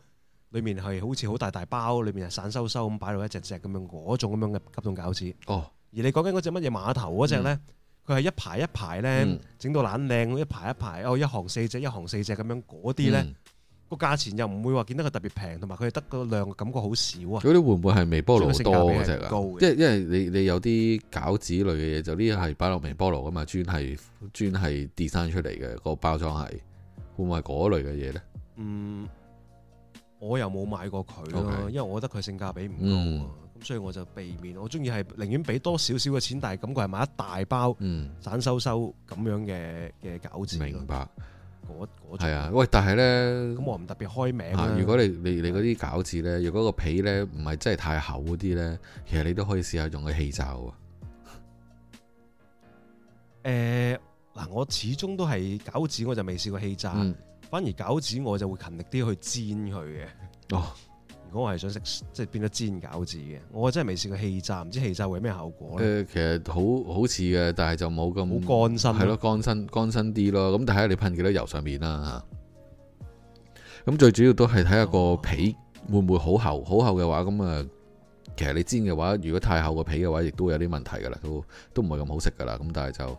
A: 裏面係好似好大大包，裏面係散收收咁擺落一隻隻咁樣嗰種咁樣嘅急凍餃子。哦，而你講緊嗰隻乜嘢碼頭嗰隻咧，佢係、嗯、一排一排咧整到懶靚，嗯、一排一排哦，一行四隻，一行四隻咁樣嗰啲咧，個、嗯、價錢又唔會話見得佢特別平，同埋佢係得個量的感覺好少啊。嗰啲會唔會係微波爐多嗰隻啊？因
B: 因為你你有啲餃子類嘅嘢，就呢啲係擺落微波爐噶嘛，專係專係 design 出嚟嘅、個包裝係會唔會係嗰類嘅嘢咧？
A: 嗯。我又冇買過佢咯，Okay. 因為我覺得佢性價比唔高，咁所以我就避免。我中意係寧願俾多少少嘅錢，但係感覺係買一大包，散收收咁樣嘅嘅餃子，嗯。明白。嗰、嗰
B: 種係啊，喂！但係咧，咁我唔特別開名、啊、如果你你你嗰啲餃子咧，如果個皮咧唔係真係太厚嗰啲咧，其實你都可以試下用個氣炸。
A: 誒嗱、呃，我始終都係餃子，我就未試過氣炸。嗯。反而餃子我就會勤力啲去煎佢嘅。哦，如果我係想食即係變咗煎餃子嘅，我真係未試過氣炸，唔知氣炸會有咩效果咧。誒、呃，
B: 其實好好似嘅，但係就冇咁，好乾身，係咯，乾身乾身啲咯。咁睇下你噴幾多油上面啦。咁最主要都係睇下個皮會唔會好厚？好、哦、厚嘅話，咁啊，其實你煎嘅話，如果太厚個皮嘅話，亦都有啲問題噶啦，都都唔係咁好食噶啦。咁但係就。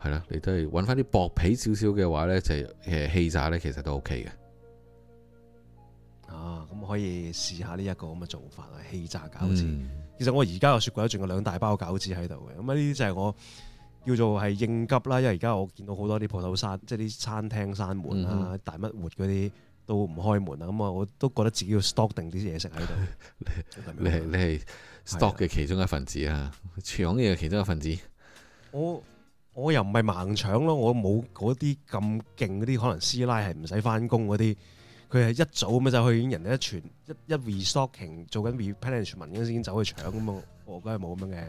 B: 係啦、啊，你都係揾翻啲薄皮少少嘅話咧，就係誒氣炸咧，其實都 O K 嘅。
A: 啊，咁可以試下呢一個咁嘅做法啊，氣炸餃子。嗯、其實我而家個雪櫃都仲有兩大包餃子喺度嘅。咁啊，呢啲就係我叫做係應急啦。因為而家我見到好多啲鋪頭閂，即係啲餐廳閂門啦，嗯、哼大乜活嗰啲都唔開門啦。咁啊，我都覺得自己要 stock 定啲嘢食喺度。你係你係 stock
B: 嘅其中一份子啊，搶嘢嘅其中一份子。
A: 我。我又唔係盲搶咯，我冇嗰啲咁勁嗰啲，可能師奶係唔使翻工嗰啲，佢係一早咁就去人哋一傳一一 restocking 做緊 replenishment 嗰陣先走去搶咁啊、嗯！我梗係冇咁樣嘅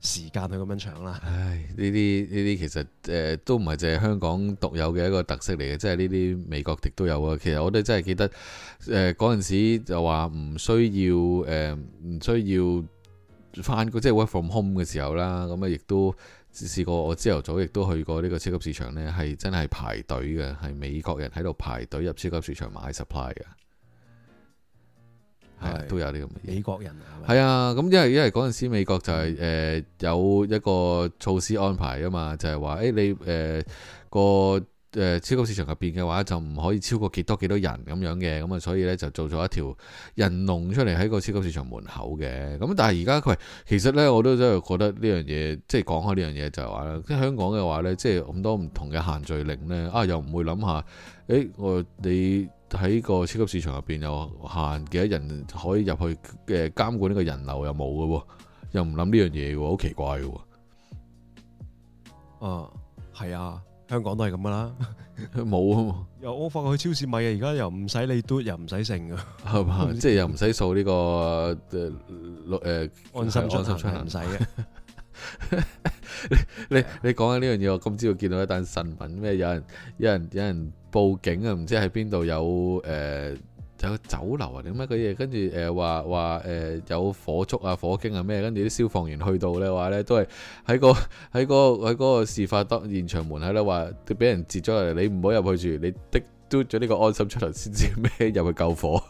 A: 時間去咁樣搶啦。唉，
B: 呢啲呢啲其實誒、呃、都唔係淨係香港獨有嘅一個特色嚟嘅，即係呢啲美國亦都有啊。其實我哋真係記得誒嗰陣時就話唔需要誒唔、呃、需要翻即係 work from home 嘅時候啦，咁啊亦都。試過我朝頭早亦都去過呢個超級市場呢係真係排隊嘅，係美國人喺度排隊入超級市場買 supply 嘅，係是都有呢個美國人係咪係啊？咁因為因為嗰陣時美國就係、是、誒、呃、有一個措施安排啊嘛，就係話誒你誒、呃那個。誒超級市場入邊嘅話，就唔可以超過幾多幾多人咁樣嘅，咁啊，所以呢，就做咗一條人龍出嚟喺個超級市場門口嘅。咁但係而家佢其實呢，我都真係覺得呢樣嘢，即係講開呢樣嘢就係話啦，即係香港嘅話呢，即係咁多唔同嘅限聚令呢，啊又唔會諗下，誒我你喺個超級市場入邊有限幾多人可以入去嘅監管呢個人流又冇嘅喎，又唔諗呢樣嘢喎，好奇怪嘅喎。Uh，啊，係啊。香港都係咁噶啦，冇
A: 啊！又我放去超市買嘢，而家又唔使你嘟，又唔使剩噶，
B: 係嘛 吧？ 即係又唔使掃呢個誒，安心出行唔使嘅。你你講緊呢樣嘢，我今朝見到一單新聞，咩有人有人有人報警啊？唔知喺邊度有誒。呃有個酒樓啊，定乜嘅嘢？跟住誒話話誒有火燭啊、火經啊咩？跟住啲消防員去到咧，話咧都係喺個喺個喺個事發當現場門口咧，話都俾人截咗嚟。你唔好入去住，你的嘟咗呢個安心出嚟先知咩入去救火。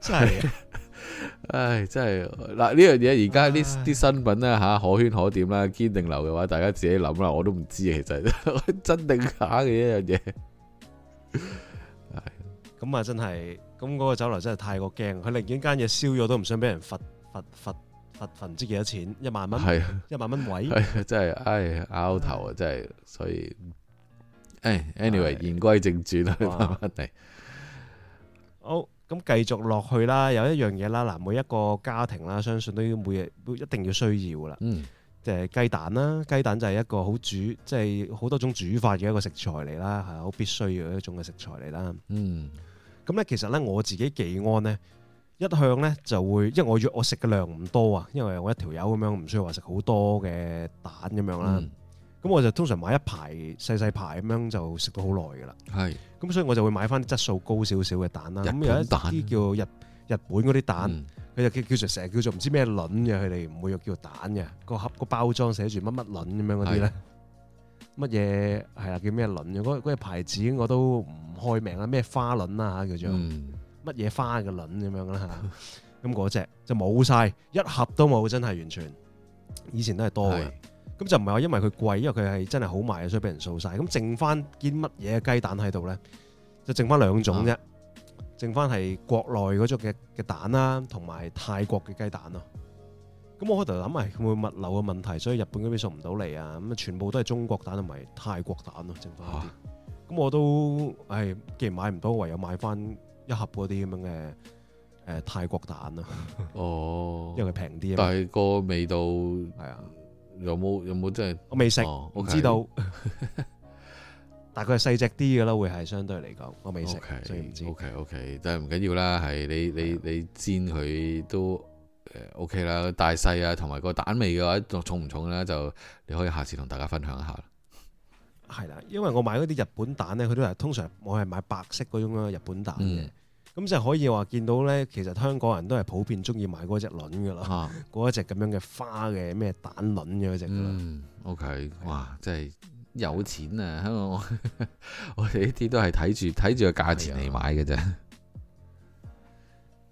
B: 真係，唉，真係，嗱，呢樣嘢而家啲啲新聞咧吓，可圈可點啦，堅定流嘅話，大家自己諗啦，我都唔知其實係真定假嘅一樣嘢。
A: 咁 啊，真係咁嗰個酒樓真係太過驚，佢寧願間嘢燒咗都唔想俾人罰罰罰罰罰唔知幾多錢，一萬蚊一萬蚊位，
B: 真係唉，拗頭啊，真係，所以誒、哎、anyway，的言歸正傳啦，慢慢嚟。
A: 好，咁繼續落去啦，有一樣嘢啦，嗱、嗯，每一個家庭啦，相信都要每日一定要需要噶啦。誒，雞蛋啦，雞蛋就係一個好煮，即係好多種煮法嘅一個食材嚟啦，係好必須嘅一種嘅食材嚟啦。嗯，咁咧其實咧我自己忌安咧，一向咧就會，因為我我食嘅量唔多啊，因為我一條友咁樣唔需要話食好多嘅蛋咁樣啦。咁、嗯、我就通常買一排細細排咁樣就食到好耐噶啦。係是，咁所以我就會買翻啲質素高少少嘅蛋啦。咁、嗯、有一啲叫日日本嗰啲蛋。嗯佢就叫叫做成日叫做唔知咩卵嘅，佢哋唔會又叫蛋嘅，個盒個包裝寫住乜乜卵咁樣嗰啲咧，乜嘢係啦叫咩卵嗰嗰隻牌子我都唔開名啦，咩花卵啊叫做，乜嘢、嗯、花嘅卵咁樣啦。咁嗰隻就冇晒，一盒都冇，真係完全。以前都係多嘅，咁的就唔係話因為佢貴，因為佢係真係好賣，所以俾人掃晒，咁剩翻啲乜嘢雞蛋喺度咧，就剩翻兩種啫。啊剩翻係國內嗰種嘅嘅蛋啦，同埋泰國嘅雞蛋咯。咁我開頭諗係會，會物流嘅問題，所以日本嗰邊送唔到嚟啊。咁全部都係中國蛋同埋泰國蛋咯，剩翻啲。咁、啊、我都誒、哎，既然買唔到，唯有買翻一盒嗰啲咁樣嘅誒泰國蛋咯。
B: 哦，因為平啲、哦。但係個味道係啊？有冇有冇真係？我未食，我、哦 okay. 唔知道。
A: 大概係細隻啲嘅啦，會係相對嚟講，我未食，所以唔知。O K，O K，
B: 但係唔緊要啦，係你你你煎佢都誒 O K 啦，大細啊，同埋個蛋味嘅話重唔重咧，就你可以下次同大家分享一下。
A: 係啦，因為我買嗰啲日本蛋咧，佢都係通常我係買白色嗰種日本蛋嘅，咁、嗯、就可以話見到咧，其實香港人都係普遍中意買嗰隻卵噶啦，嗰一隻咁樣嘅花
B: 嘅咩蛋卵嘅嗰隻 O K，哇，即係。有錢啊！香港 我哋呢啲都係睇住睇住個價錢嚟買嘅啫，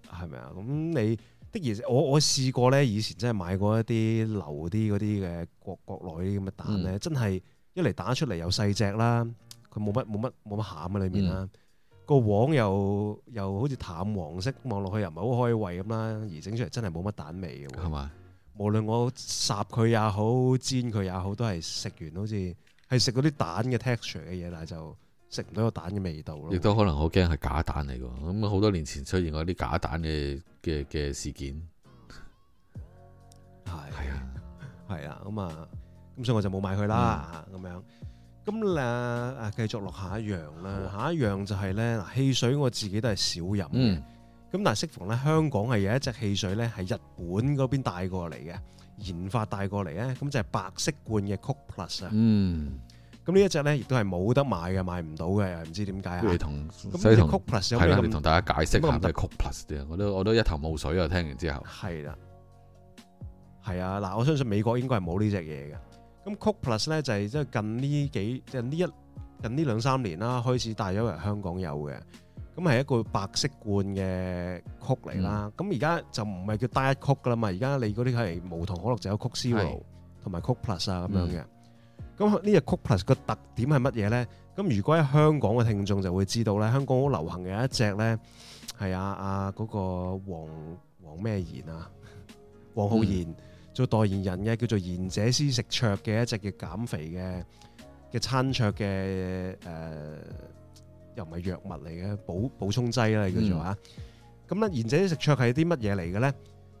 A: 係咪啊？咁 你的而我我試過呢，以前真係買過一啲流啲嗰啲嘅國國內啲咁嘅蛋呢、嗯、真係一嚟打出嚟又細隻啦，佢冇乜冇乜冇乜餡喺裏面啦，嗯、個黃又又好似淡黃色，望落去又唔係好開胃咁啦，而整出嚟真係冇乜蛋味嘅，係嘛吧？無論我烚佢也好，煎佢也好，都係食完好似。係食嗰啲蛋嘅 texture 嘅嘢，但係就食唔到個蛋嘅味道咯。亦都可
B: 能好驚係假蛋嚟嘅，咁好、嗯、多年前出現過啲假蛋嘅嘅嘅事件，係係、哎、呀啊，係啊、嗯，咁啊、嗯，咁所以我就冇買佢啦，咁樣。咁咧
A: 啊，繼續落下一樣啦，下一樣就係、是、咧，汽水我自己都係少飲咁、嗯、但係，適逢咧香港係有一隻汽水咧，係日本嗰邊帶過嚟嘅。研發帶過嚟咧，咁就係白色罐嘅 Coke Plus 啊。嗯，咁呢一隻咧，亦都係
B: 冇得買嘅，買唔到嘅，唔知點解啊？咁，所以同係我哋同大家解釋下啲 Coke Plus 啫。我都我都一頭霧水啊。聽完之後係啦，係啊。
A: 嗱，我相信美國應該係冇呢隻嘢嘅。咁 Coke Plus 咧就係即係近呢幾即係呢一近呢兩三年啦，開始帶咗嚟香港有嘅。咁係一個白色罐嘅曲嚟啦。咁而家就唔係叫 Diet 曲，㗎啦嘛。而家你嗰啲係無糖可樂，就有曲 zero 同埋曲 plus，啊咁樣嘅。咁呢隻曲 plus 個特點係乜嘢咧？咁如果喺香港嘅聽眾就會知道咧，香港好流行嘅一隻咧係啊啊嗰個黃黃咩賢啊，黃浩然做代言人嘅叫做賢者思食卓嘅一隻嘅減肥嘅嘅餐桌嘅誒。又唔係藥物嚟嘅，補補充劑啦，叫做嚇。咁咧，賢者食卓係啲乜嘢嚟嘅咧？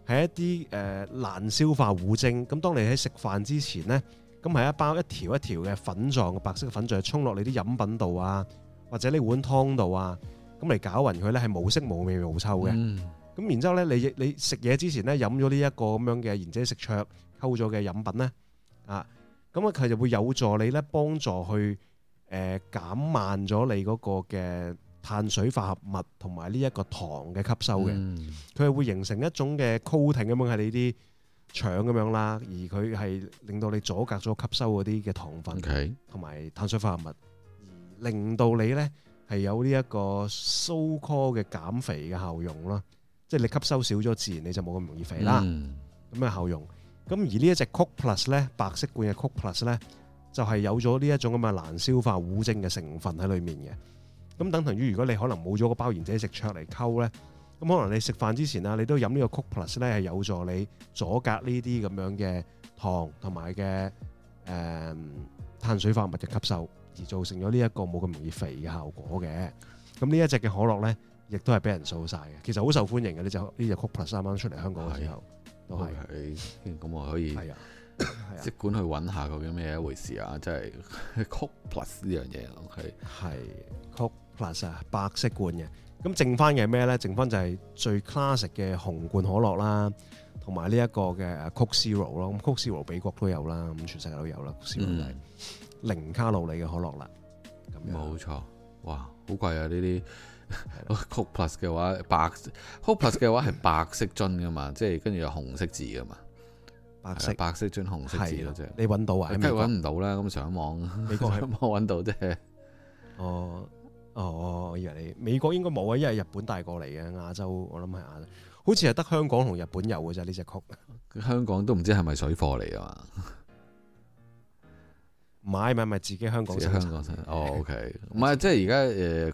A: 係一啲誒難消化糊精。咁、啊、當你喺食飯之前咧，咁係一包一條一條嘅粉狀嘅白色嘅粉狀，就係沖落你啲飲品度啊，或者你碗湯度啊，咁嚟搞勻佢咧，係冇色冇味冇臭嘅。咁然之後咧，你你食嘢之前咧飲咗呢一個咁樣嘅賢者食卓溝咗嘅飲品咧，啊，咁啊佢就、啊、會有助你咧幫助去。誒、呃、減慢咗你嗰個嘅碳水化合物同埋呢一個糖嘅吸收嘅，佢係、嗯、會形成一種嘅 coating 咁樣喺你啲腸咁樣啦，而佢係令到你阻隔咗吸收嗰啲嘅糖分同埋碳水化合物，Okay. 令到你咧係有呢一個 so-called 嘅減肥嘅效用啦，即係你吸收少咗，自然你就冇咁容易肥啦，咁嘅、嗯、效用。咁而呢一隻 Coke Plus 咧，白色罐嘅 Coke Plus 咧。就係有咗呢一種咁嘅難消化糊精嘅成分喺裡面嘅，咁等同於如果你可能冇咗個包賢姐食出嚟溝咧，咁可能你食飯之前啦、啊，你都飲呢個 Coke Plus 咧，係有助你阻隔呢啲咁樣嘅糖同埋嘅誒碳水化合物嘅吸收，而造成咗呢一個冇咁容易肥嘅效果嘅。咁呢一隻嘅可樂咧，亦都係俾人掃晒嘅，其實好受歡迎嘅咧，就、這、呢、個、隻 Coke Plus 啱啱出嚟香港嘅時候
B: 都係。咁我可以。即、啊、管去揾下究竟咩一回事啊！即、就、係、是、Coke Plus 呢樣
A: 嘢，係是 Coke Plus 啊，白色罐嘅。咁剩翻嘅咩咧？剩翻就係最 classic 嘅紅罐可樂啦，同埋呢一個嘅 Coke Zero 咯、嗯。咁 Coke Zero 美國都有啦，咁全世界都有啦，零卡路里嘅可樂啦。
B: 咁冇錯，哇，好貴啊！呢啲 Coke Plus 嘅話白 Coke Plus 嘅話係白色樽噶嘛，即係跟住有紅色字噶嘛。白色白色轉紅色字咯，啫你搵到啊？梗係搵唔到啦，咁國上網美國冇搵到啫。
A: 哦哦，我以為你美國應該冇啊，因為日本帶過嚟嘅亞洲，我諗係亞，好似係得香港同日本有嘅啫呢隻曲。
B: 佢香港都唔知係咪水貨嚟啊？買買買，係咪自己香港。自己香港哦，OK。唔係，即係而家誒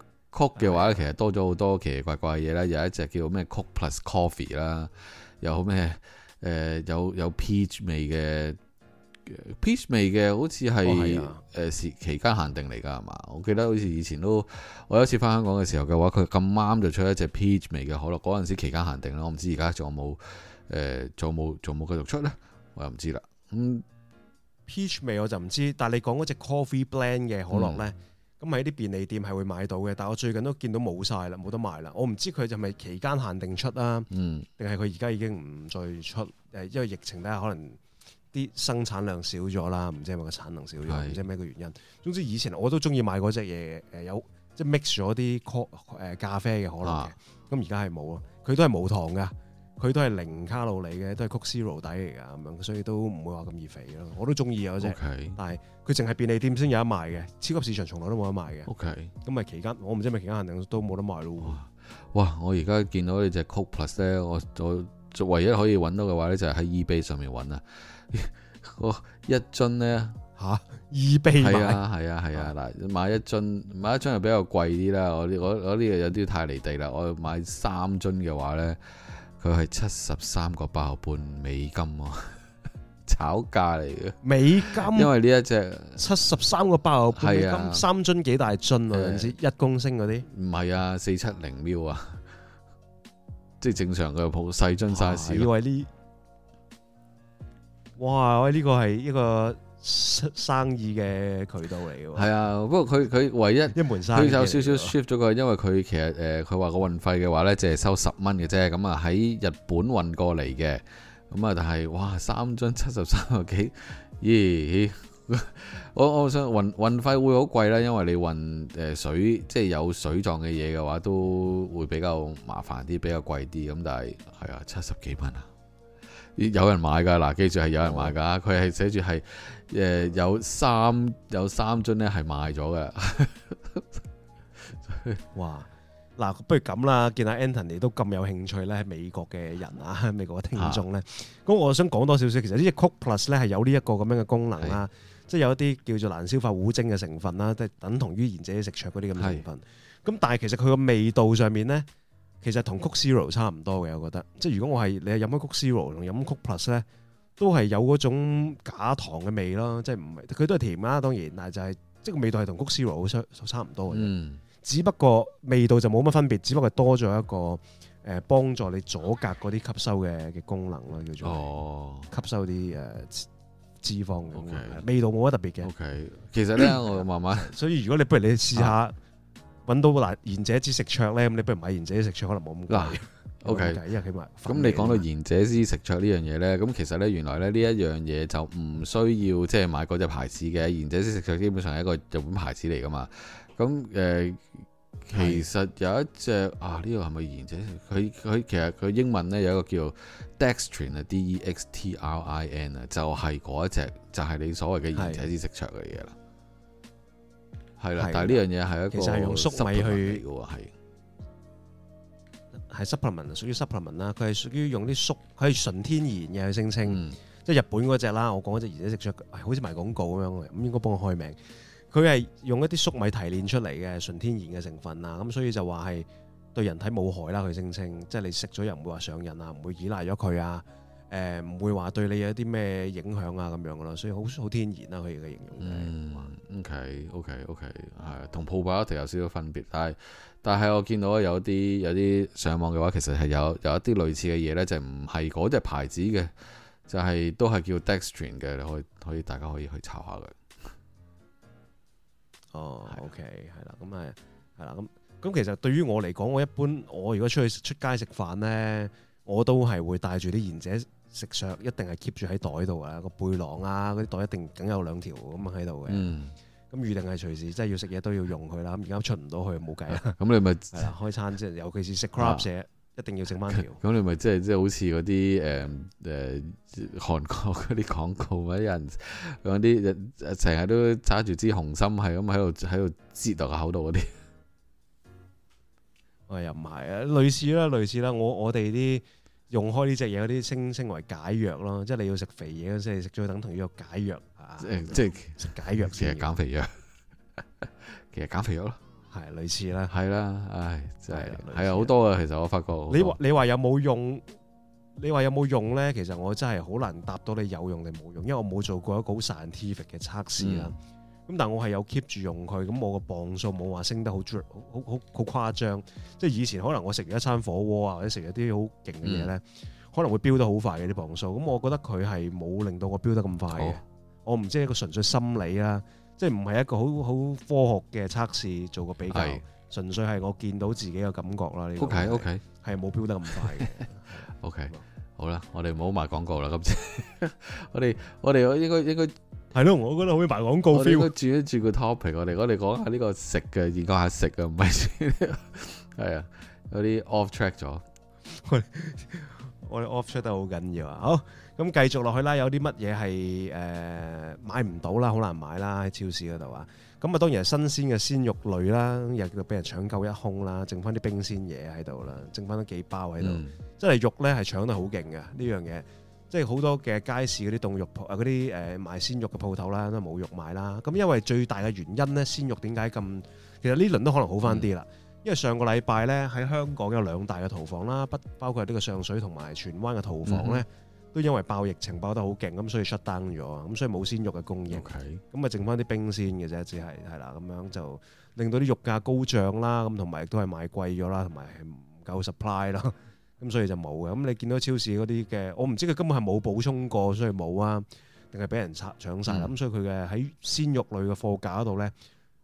B: 曲嘅話 其實多咗好多奇奇怪怪嘢啦。有一隻叫咩曲 Plus Coffee 啦，ee, 有咩？誒、呃、有有 peach 味嘅 peach 味嘅，好似係誒時期間限定嚟㗎係嘛？我記得好似以前都，我有一次翻香港嘅時候嘅話，佢咁啱就出一隻 peach 味嘅可樂，嗰陣時期間限定啦，我唔知而家仲有冇誒仲有冇仲冇繼續出咧，我又唔知啦。嗯，peach 味我就唔知，但係你講嗰隻 coffee blend 嘅可樂咧。嗯
A: 咁喺啲便利店係會買到嘅，但係我最近都見到冇晒啦，冇得賣啦。我唔知佢就係咪期間限定出啊，定係佢而家已經唔再出？誒，因為疫情咧，可能啲生產量少咗啦，唔知係咪個產能少咗，唔是知咩個原因。總之以前我都中意買嗰隻嘢，誒有即係 mix 咗啲誒咖啡嘅可能嘅。咁而家係冇咯，佢都係冇糖㗎。佢都係零卡路里嘅，都係 Coke Zero 底嚟㗎，咁樣所以都唔會話咁易肥咯。我都中意啊，即係，但係佢淨係便利店先有得賣嘅，超級市場從來都冇得賣嘅。OK，咁啊期間，我唔知係咪期間限定都冇得賣咯。
B: 哇！我而家見到呢隻 Coke Plus 咧，我我唯一可以揾到嘅話咧，就係喺 eBay 上面揾 呢哈啊。我一樽咧嚇，eBay 買啊，係啊係啊嗱、啊，買一樽買一樽又比較貴啲啦。我我我呢、這個有啲太離地啦。我買三樽嘅話咧。佢係七十三個八毫半美金啊， 炒價嚟嘅美金，因為呢一隻七十三個八毫半美金，啊、三
A: 樽幾大樽啊？陣時、欸、一公升嗰啲，
B: 唔係啊，四七零秒啊，即係正常嘅普細樽 size。
A: 哇！喂，呢個係一個。生意嘅渠道嚟
B: 嘅，係啊，不過佢佢唯一一門生意，佢有少少 shift 咗佢，因為佢其實誒，佢、呃、話個運費嘅話呢，就係收十蚊嘅啫。咁、嗯、啊，喺日本運過嚟嘅，咁、嗯、啊，但係哇，三張七十三個幾，咦、哎？我我想運運費會好貴啦，因為你運誒、呃、水，即係有水狀嘅嘢嘅話，都會比較麻煩啲，比較貴啲。咁、嗯、但係係啊，七十幾蚊啊，有人買噶，嗱，記住係有人買噶，佢係寫住係。嗯誒，yeah，有三有三樽咧係賣咗嘅， 以哇！嗱，不如咁啦，見下 Antony 都
A: 咁有興趣咧，美國嘅人啊，美國聽眾咧，咁、啊、我想講多少少，其實呢隻 Coke Plus 咧係有呢一個咁樣嘅功能啦，是即係有一啲叫做難消化糊精嘅成分啦，即係等同於賢者嘅食卓嗰啲咁嘅成分。咁是但係其實佢嘅味道上面咧，其實同 Coke Zero 差唔多嘅，我覺得。即係如果我係你飲開 Coke Zero 同飲 Coke Plus 咧。呢都係有嗰種假糖嘅味囉，即係唔係佢都係甜啦，當然，但係就係、是、即係味道係同谷斯羅好差唔多嘅，嗯、只不過味道就冇乜分別，只不過多咗一個誒幫、呃、助你阻隔嗰啲吸收嘅嘅功能咯，叫做、哦、吸收啲誒脂肪嘅 okay,，味道冇乜特別嘅。Okay,
B: 其實咧， 我慢慢，所以如
A: 果你不如你試下搵、啊、到嗱，賢者之食桌咧，咁你不如買賢者食桌，可能冇咁
B: O K，咁你講到賢者之食卓呢樣嘢呢，咁、嗯、其實呢，原來呢呢一樣嘢就唔需要即係、就是、買嗰隻牌子嘅賢者之食卓，基本上係一個日本牌子嚟㗎嘛。咁誒、呃，其實有一隻的啊，呢、這個係咪賢者？佢佢其實佢英文呢，有一個叫做 Dextrin 啊，Dextrin, D E X T R I N 啊，就係嗰一隻，就係、是、你所謂嘅賢者之食卓嘅嘢啦。係啦的，但係呢樣嘢係一個其實係用粟米去嚟係
A: supplement，屬於 supplement 啦，佢係屬於用啲粟，佢係純天然嘅去聲稱，嗯、即係日本嗰隻啦，我講嗰隻而且食出，好似賣廣告咁樣嘅，咁應該幫我開名。佢係用一啲粟米提煉出嚟嘅純天然嘅成分啦，咁、嗯、所以就話係對人體冇害啦。佢聲稱，即係你食咗又唔會話上癮啊，唔會依賴咗佢啊，誒、呃、唔會話對你有一啲咩影響啊咁樣咯，所以好好天然啦佢嘅
B: 形容。嗯，OK，OK，OK，係同鋪牌一定有少少分別，但係。但係我見到有啲有啲上網嘅話，其實係有有一啲類似嘅嘢咧，就唔係嗰隻牌子嘅，就係、是、都係叫 Dextrin 嘅，你可以可以大家可以去查下佢。哦
A: ，OK，係啦的，咁係係啦，咁咁其實對於我嚟講，我一般我如果出去出街食飯咧，我都係會帶住啲賢者食相，一定係 keep 住喺袋度嘅個背囊啊，嗰啲袋一定梗有兩條咁喺度嘅。咁預定係隨時，即係要食嘢都要用佢啦。咁而家出唔到去冇計啦。咁、啊嗯、你咪係開餐即係，啊、尤其是食 crab 嘢，一定要食翻
B: 條。咁、啊嗯、你咪即係即係好似嗰啲誒誒韓國嗰啲廣告啊，啲人嗰啲成日都揸住支紅心，係咁喺度喺度擠落個口度嗰啲。喂、哎，又唔係啊，類似啦，類
A: 似啦，我我哋啲。用開呢隻嘢嗰啲稱稱為解藥咯，即係你要食肥嘢即係
B: 食咗等同於個解藥嚇。即即係食解藥，藥其實減肥藥，其實減肥藥，其實減肥藥咯，係類似啦，係啦，唉，真係係好多嘅。其實我發覺你話
A: 你話有冇用？你話有冇用咧？其實我真係好難答到你有用定冇用，因為我冇做過一個好 scientific 嘅測試啦。嗯咁但係我係有 keep 住用佢，咁我個磅數冇話升得好 d 好好好誇張。即係以前可能我食一餐火鍋啊，或者食一啲好勁嘅嘢咧，嗯、可能會飆得好快嘅啲磅數。咁我覺得佢係冇令到我飆得咁快嘅。好我唔知係一個純粹心理啦，即係唔係一個好好科學嘅測試做個比較，是純粹係我見到自己嘅感覺啦。O K O K，係冇飆得咁快嘅。
B: o Okay , K，、嗯、好啦，我哋唔好賣廣告啦。今次 我哋我哋應該應該。應該係咯，我覺得可以擺廣告 feel。我哋轉一轉個 topic，我哋我哋講下呢個食嘅，研究下食嘅，唔係先。係 啊，有啲 off track 咗。
A: 我哋 off track 得好緊要啊！好，咁繼續落去啦。有啲乜嘢係誒買唔到啦？好難買啦！喺超市嗰度啊。咁啊，當然係新鮮嘅鮮肉類啦，又俾人搶購一空啦，剩翻啲冰鮮嘢喺度啦，剩翻幾包喺度。嗯、真係肉咧係搶得好勁嘅呢樣嘢。這個即係好多嘅街市嗰啲凍肉鋪啊，嗰啲誒賣鮮肉嘅鋪頭啦，都冇肉賣啦。咁因為最大嘅原因咧，鮮肉點解咁？其實呢輪都可能好翻啲啦，嗯、因為上個禮拜咧喺香港有兩大嘅屠房啦，包括呢個上水同埋荃灣嘅屠房咧，嗯、都因為爆疫情爆得好勁，咁所以 shut down 咗，咁所以冇鮮肉嘅供應，咁咪 Okay. 剩翻啲冰鮮嘅啫，只係係啦，咁樣就令到啲肉價高漲啦，咁同埋都係賣貴咗啦，同埋唔夠 supply 咯。咁所以就冇嘅，咁你見到超市嗰啲嘅，我唔知佢根本係冇補充過，所以冇啊，定係俾人拆搶晒？咁、嗯、所以佢嘅喺鮮肉類嘅貨架度咧，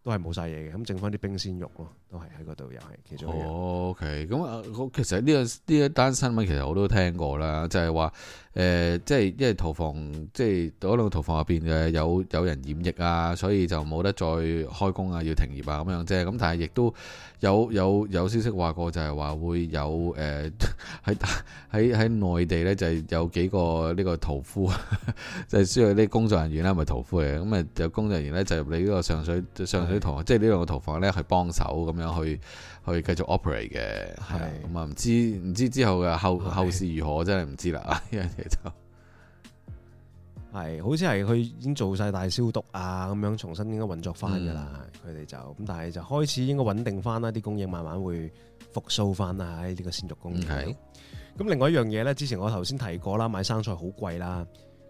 A: 都係冇晒嘢嘅，咁剩翻啲冰鮮肉咯。都係喺度，又
B: 係其中。OK 咁啊，我其實呢、呢個呢一單新聞其實我都聽過啦，就係話誒即係因為屠房，即係嗰兩個屠房入邊嘅有有人染疫啊，所以就冇得再開工啊，要停業啊咁樣啫。咁但係亦都有有有，有消息話過就係話會有誒喺喺喺內地咧，就係有幾個呢個屠夫， 就係需要啲工作人員啦，咪屠夫嘅咁啊，有工作人員咧就入、是、你呢個上水上水屠，即係的呢兩個屠房咧去幫手咁。咁樣去去繼續 operate 嘅，係咁啊，唔知唔知之後嘅後是後事如何，真係唔知啦。呢樣嘢就
A: 係，好似係佢已經做晒大消毒啊，咁樣重新應該運作翻噶啦。佢哋、嗯、就咁，但係就開始應該穩定翻啦，啲供應慢慢會復蘇翻啦。喺、這、呢個鮮肉供應。咁是另外一樣嘢咧，之前我頭先提過啦，買生菜好貴啦，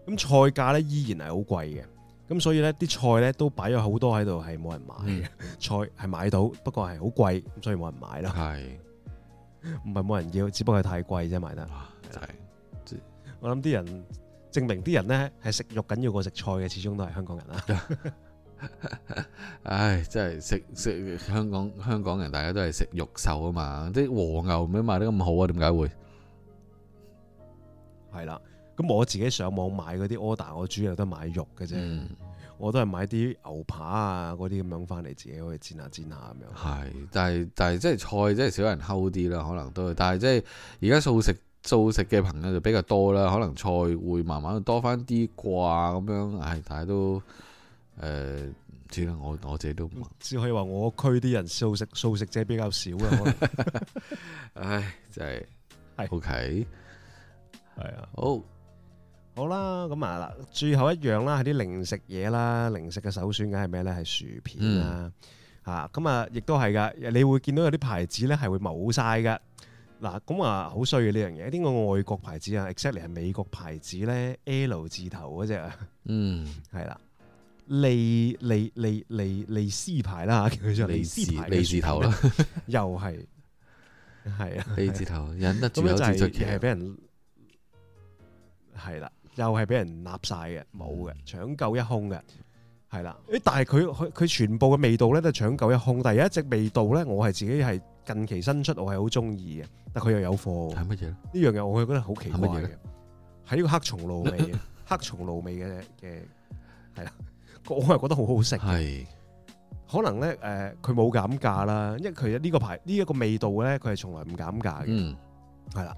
A: 咁菜價咧依然係好貴嘅。咁、嗯、所以呢啲菜呢都擺咗好多喺度，係冇人買。嗯、菜係買到，不過係好貴，咁所以冇人買啦。係是，唔係冇人要，只不過係太貴啫，買得。就是、我諗啲人證明啲人呢係食肉緊要過食菜嘅，始終都係香港人啦。
B: 唉，真係食食香港香港人，大家都係食肉獸啊嘛！啲和牛點解賣得咁好啊？點解會係啦？咁我自己上網買嗰啲 order，
A: 我主要都買肉嘅啫，嗯、我都係買啲牛扒啊嗰啲咁樣翻嚟，自己可以煎下煎下咁
B: 樣。係，但係但係即係菜即係少人慳啲啦，可能都，但係即係而家素食素食嘅朋友就比較多啦，可能菜會慢慢多翻啲啩咁樣。唉，但係都誒唔、呃、知啦，我我自己都只可以
A: 話我區啲人素食素食者比較少啊。 唉， 真係 OK 係啊是，好。好啦，咁啊嗱，最後一樣啦，係啲零食嘢啦，零食嘅首選梗係咩咧？係薯片、嗯、啊。嚇咁啊，亦都係噶。你會見到有啲牌子咧，係會冇晒㗎。嗱，咁啊，好衰嘅呢樣嘢。呢個外國牌子啊，exactly 係美國牌子咧，L 字頭嗰隻啊，嗯，係啦，利利利利利，利斯牌啦，叫做利斯利字頭啦， 又係係啊利字頭忍得住有節制人。係啦。又係俾人攬晒嘅，冇嘅，搶救一空嘅，係啦。誒，但係佢佢全部嘅味道咧都係搶救一空，但係有一隻味道咧，我係自己係近期新出，我係好中意嘅，但佢又有貨。係乜嘢咧？呢樣嘢我係覺得好奇怪嘅。係呢個黑松露味， 黑松露味嘅嘅，係啦，我係覺得好好食嘅。的可能咧誒，佢、呃、冇減價啦，因為其實呢個牌呢一、呢個味道咧，佢係從來唔減價嘅。嗯，係啦。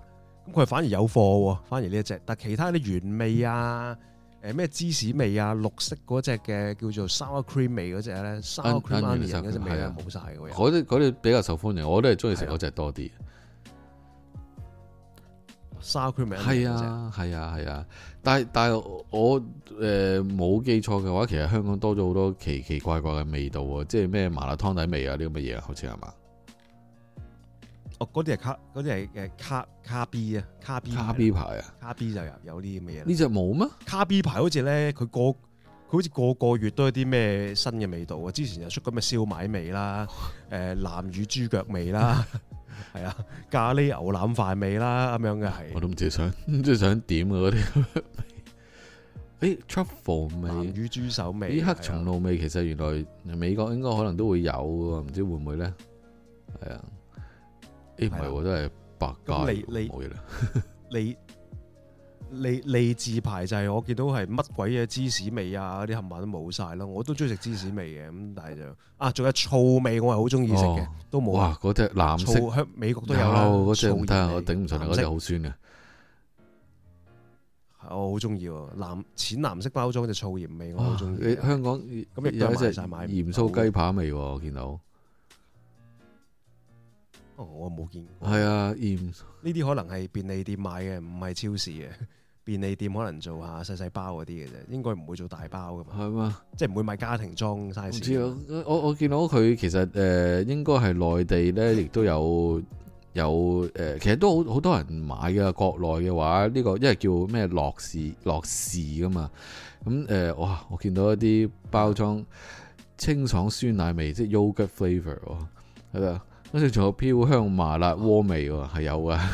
A: 佢反而有貨喎，反而呢一隻，但其他啲原味啊，誒、呃、咩芝士味啊，綠色嗰隻嘅叫做 sour cream 味嗰隻咧，sour cream 味嗰隻味咧冇
B: 曬嗰啲啲比較受歡迎，我都係中意食嗰隻多啲。
A: sour cream 味？係啊
B: 係啊係啊，但係但係我誒冇、呃、記錯嘅話，其實香港多咗好多奇奇怪怪嘅味道啊，即係咩麻辣湯底味啊，呢個乜嘢啊，好似係嘛？.嗰啲係卡，嗰啲係誒卡卡 B 啊，卡 B 卡 B 牌啊，卡 B 就有有啲咁嘅嘢。呢隻冇咩？卡 B 牌好似
A: 咧，佢個佢好似個個月都有啲咩新嘅味道啊！之前又出過咩燒賣味啦，誒、呃，南乳豬腳味啦，係 啊，咖喱牛腩飯
B: 味啦，咁樣嘅係。我都唔知想即係、啊、想點嗰啲味， 味。誒，Truffle 味、乳豬手味、黑松露味，啊、其實原來美國應該可能都會有，唔知會唔會咧？係啊。呢排我都真係白加冇啦。你你你字牌就係我見到係乜
A: 鬼嘢芝士味啊？啲冚唪唥都冇晒咯。我都中意食芝士味嘅，咁但係就啊，仲有醋味，我係好中意食嘅，都冇啊。嗰隻藍醋香，美國都有啦。嗰隻睇下，我頂唔順，嗰隻好
B: 酸嘅。
A: 我好中意藍淺藍色包裝嘅醋鹽味，我好中意。香港咁又有一隻鹽酥
B: 雞扒味，我見到。我冇見，係啊，呢啲
A: 可能係便利店買嘅，唔係超市嘅。 便利店可能做下細細包嗰啲嘅啫，應該唔會做大包噶嘛。係嘛嗎，即係唔會買家庭裝曬。唔知我
B: 我，我見到佢其實誒、呃、應該係內地咧，亦都有有誒、呃，其實都好好多人買嘅。國內嘅話，呢、這個因為叫咩樂事樂事噶嘛。咁、嗯、誒、呃，哇！我見到一啲包裝清爽酸奶味，即係 yogurt flavour 喎、哦，係啊。好似仲有飄香麻辣鍋味喎、啊，係有嘅。
A: 呵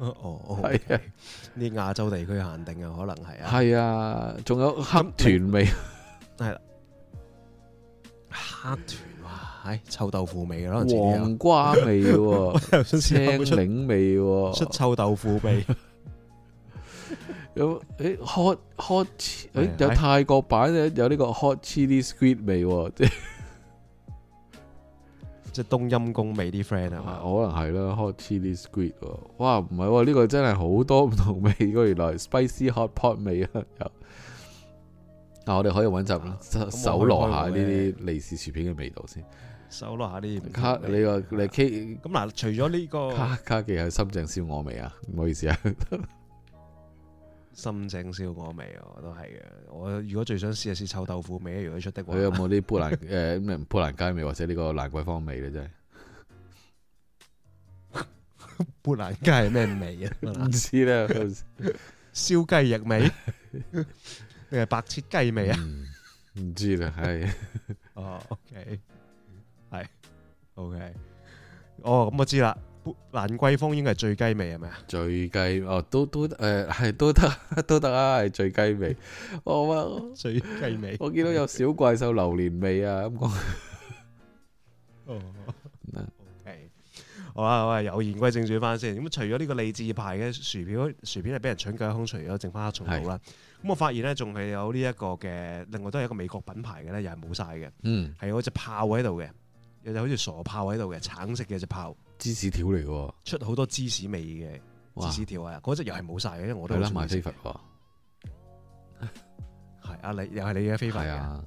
A: 呵 哦，係啲亞洲地區限定啊，可能係啊。係
B: 啊，仲有黑豚味，係啦美，哈哈
A: 黑豚啊，唉，臭豆腐味咯，黃瓜味、啊，青檸
B: 想味、啊，出臭豆腐味。 有誒 hot hot 誒，有泰國版嘅有呢個 hot chili squid 味、啊。 即係冬陰功味啲 friend 係嘛？可能係啦，hot chili squid 喎。哇，唔係喎，呢個真係好多唔同味。原來 spicy hot pot 味啊！但係我哋可以揾集啦，搜羅下呢啲利是薯片嘅味道先。搜羅下呢啲卡，你話你 K 咁嗱，λά, 除咗呢個卡卡記係深圳燒鵝味啊！唔好意思啊。深井燒
A: 鵝味，啊，我都係嘅。我如果最想試一試臭豆腐味，如果出得話，佢有冇啲砵
B: 蘭誒砵蘭街味，或者個蘭呢個蘭桂坊味咧？真係砵蘭街係咩味啊？唔知啦，燒雞 翼味
A: 定係 白切雞味啊？唔、 嗯、知啦，係哦、 oh，OK，係、yes. OK，哦，咁我知啦。蘭
B: 桂坊應該係最雞味，係咪啊？最雞哦，都都誒，係、呃、都得都得啊，係最雞味。我、哦、話最雞味，我見到有小怪獸榴蓮味啊，咁講。哦，OK，好啊，我係又言歸
A: 正傳翻先。咁除咗呢個利智牌嘅薯片，薯片係俾人搶咗一空，除咗剩翻一松好啦。咁是我發現咧，仲係有呢、這、一個嘅，另外都係一個美國品牌嘅咧，又係冇晒嘅。嗯隻，係有隻豹喺度嘅，又就好似傻豹喺度嘅，橙色嘅隻豹。
B: 芝士條嚟嘅、
A: 哦，出好多芝士味嘅芝士條啊！嗰隻又係冇晒嘅，因為我都係買飛凡係啊，你又係你嘅非凡嘅。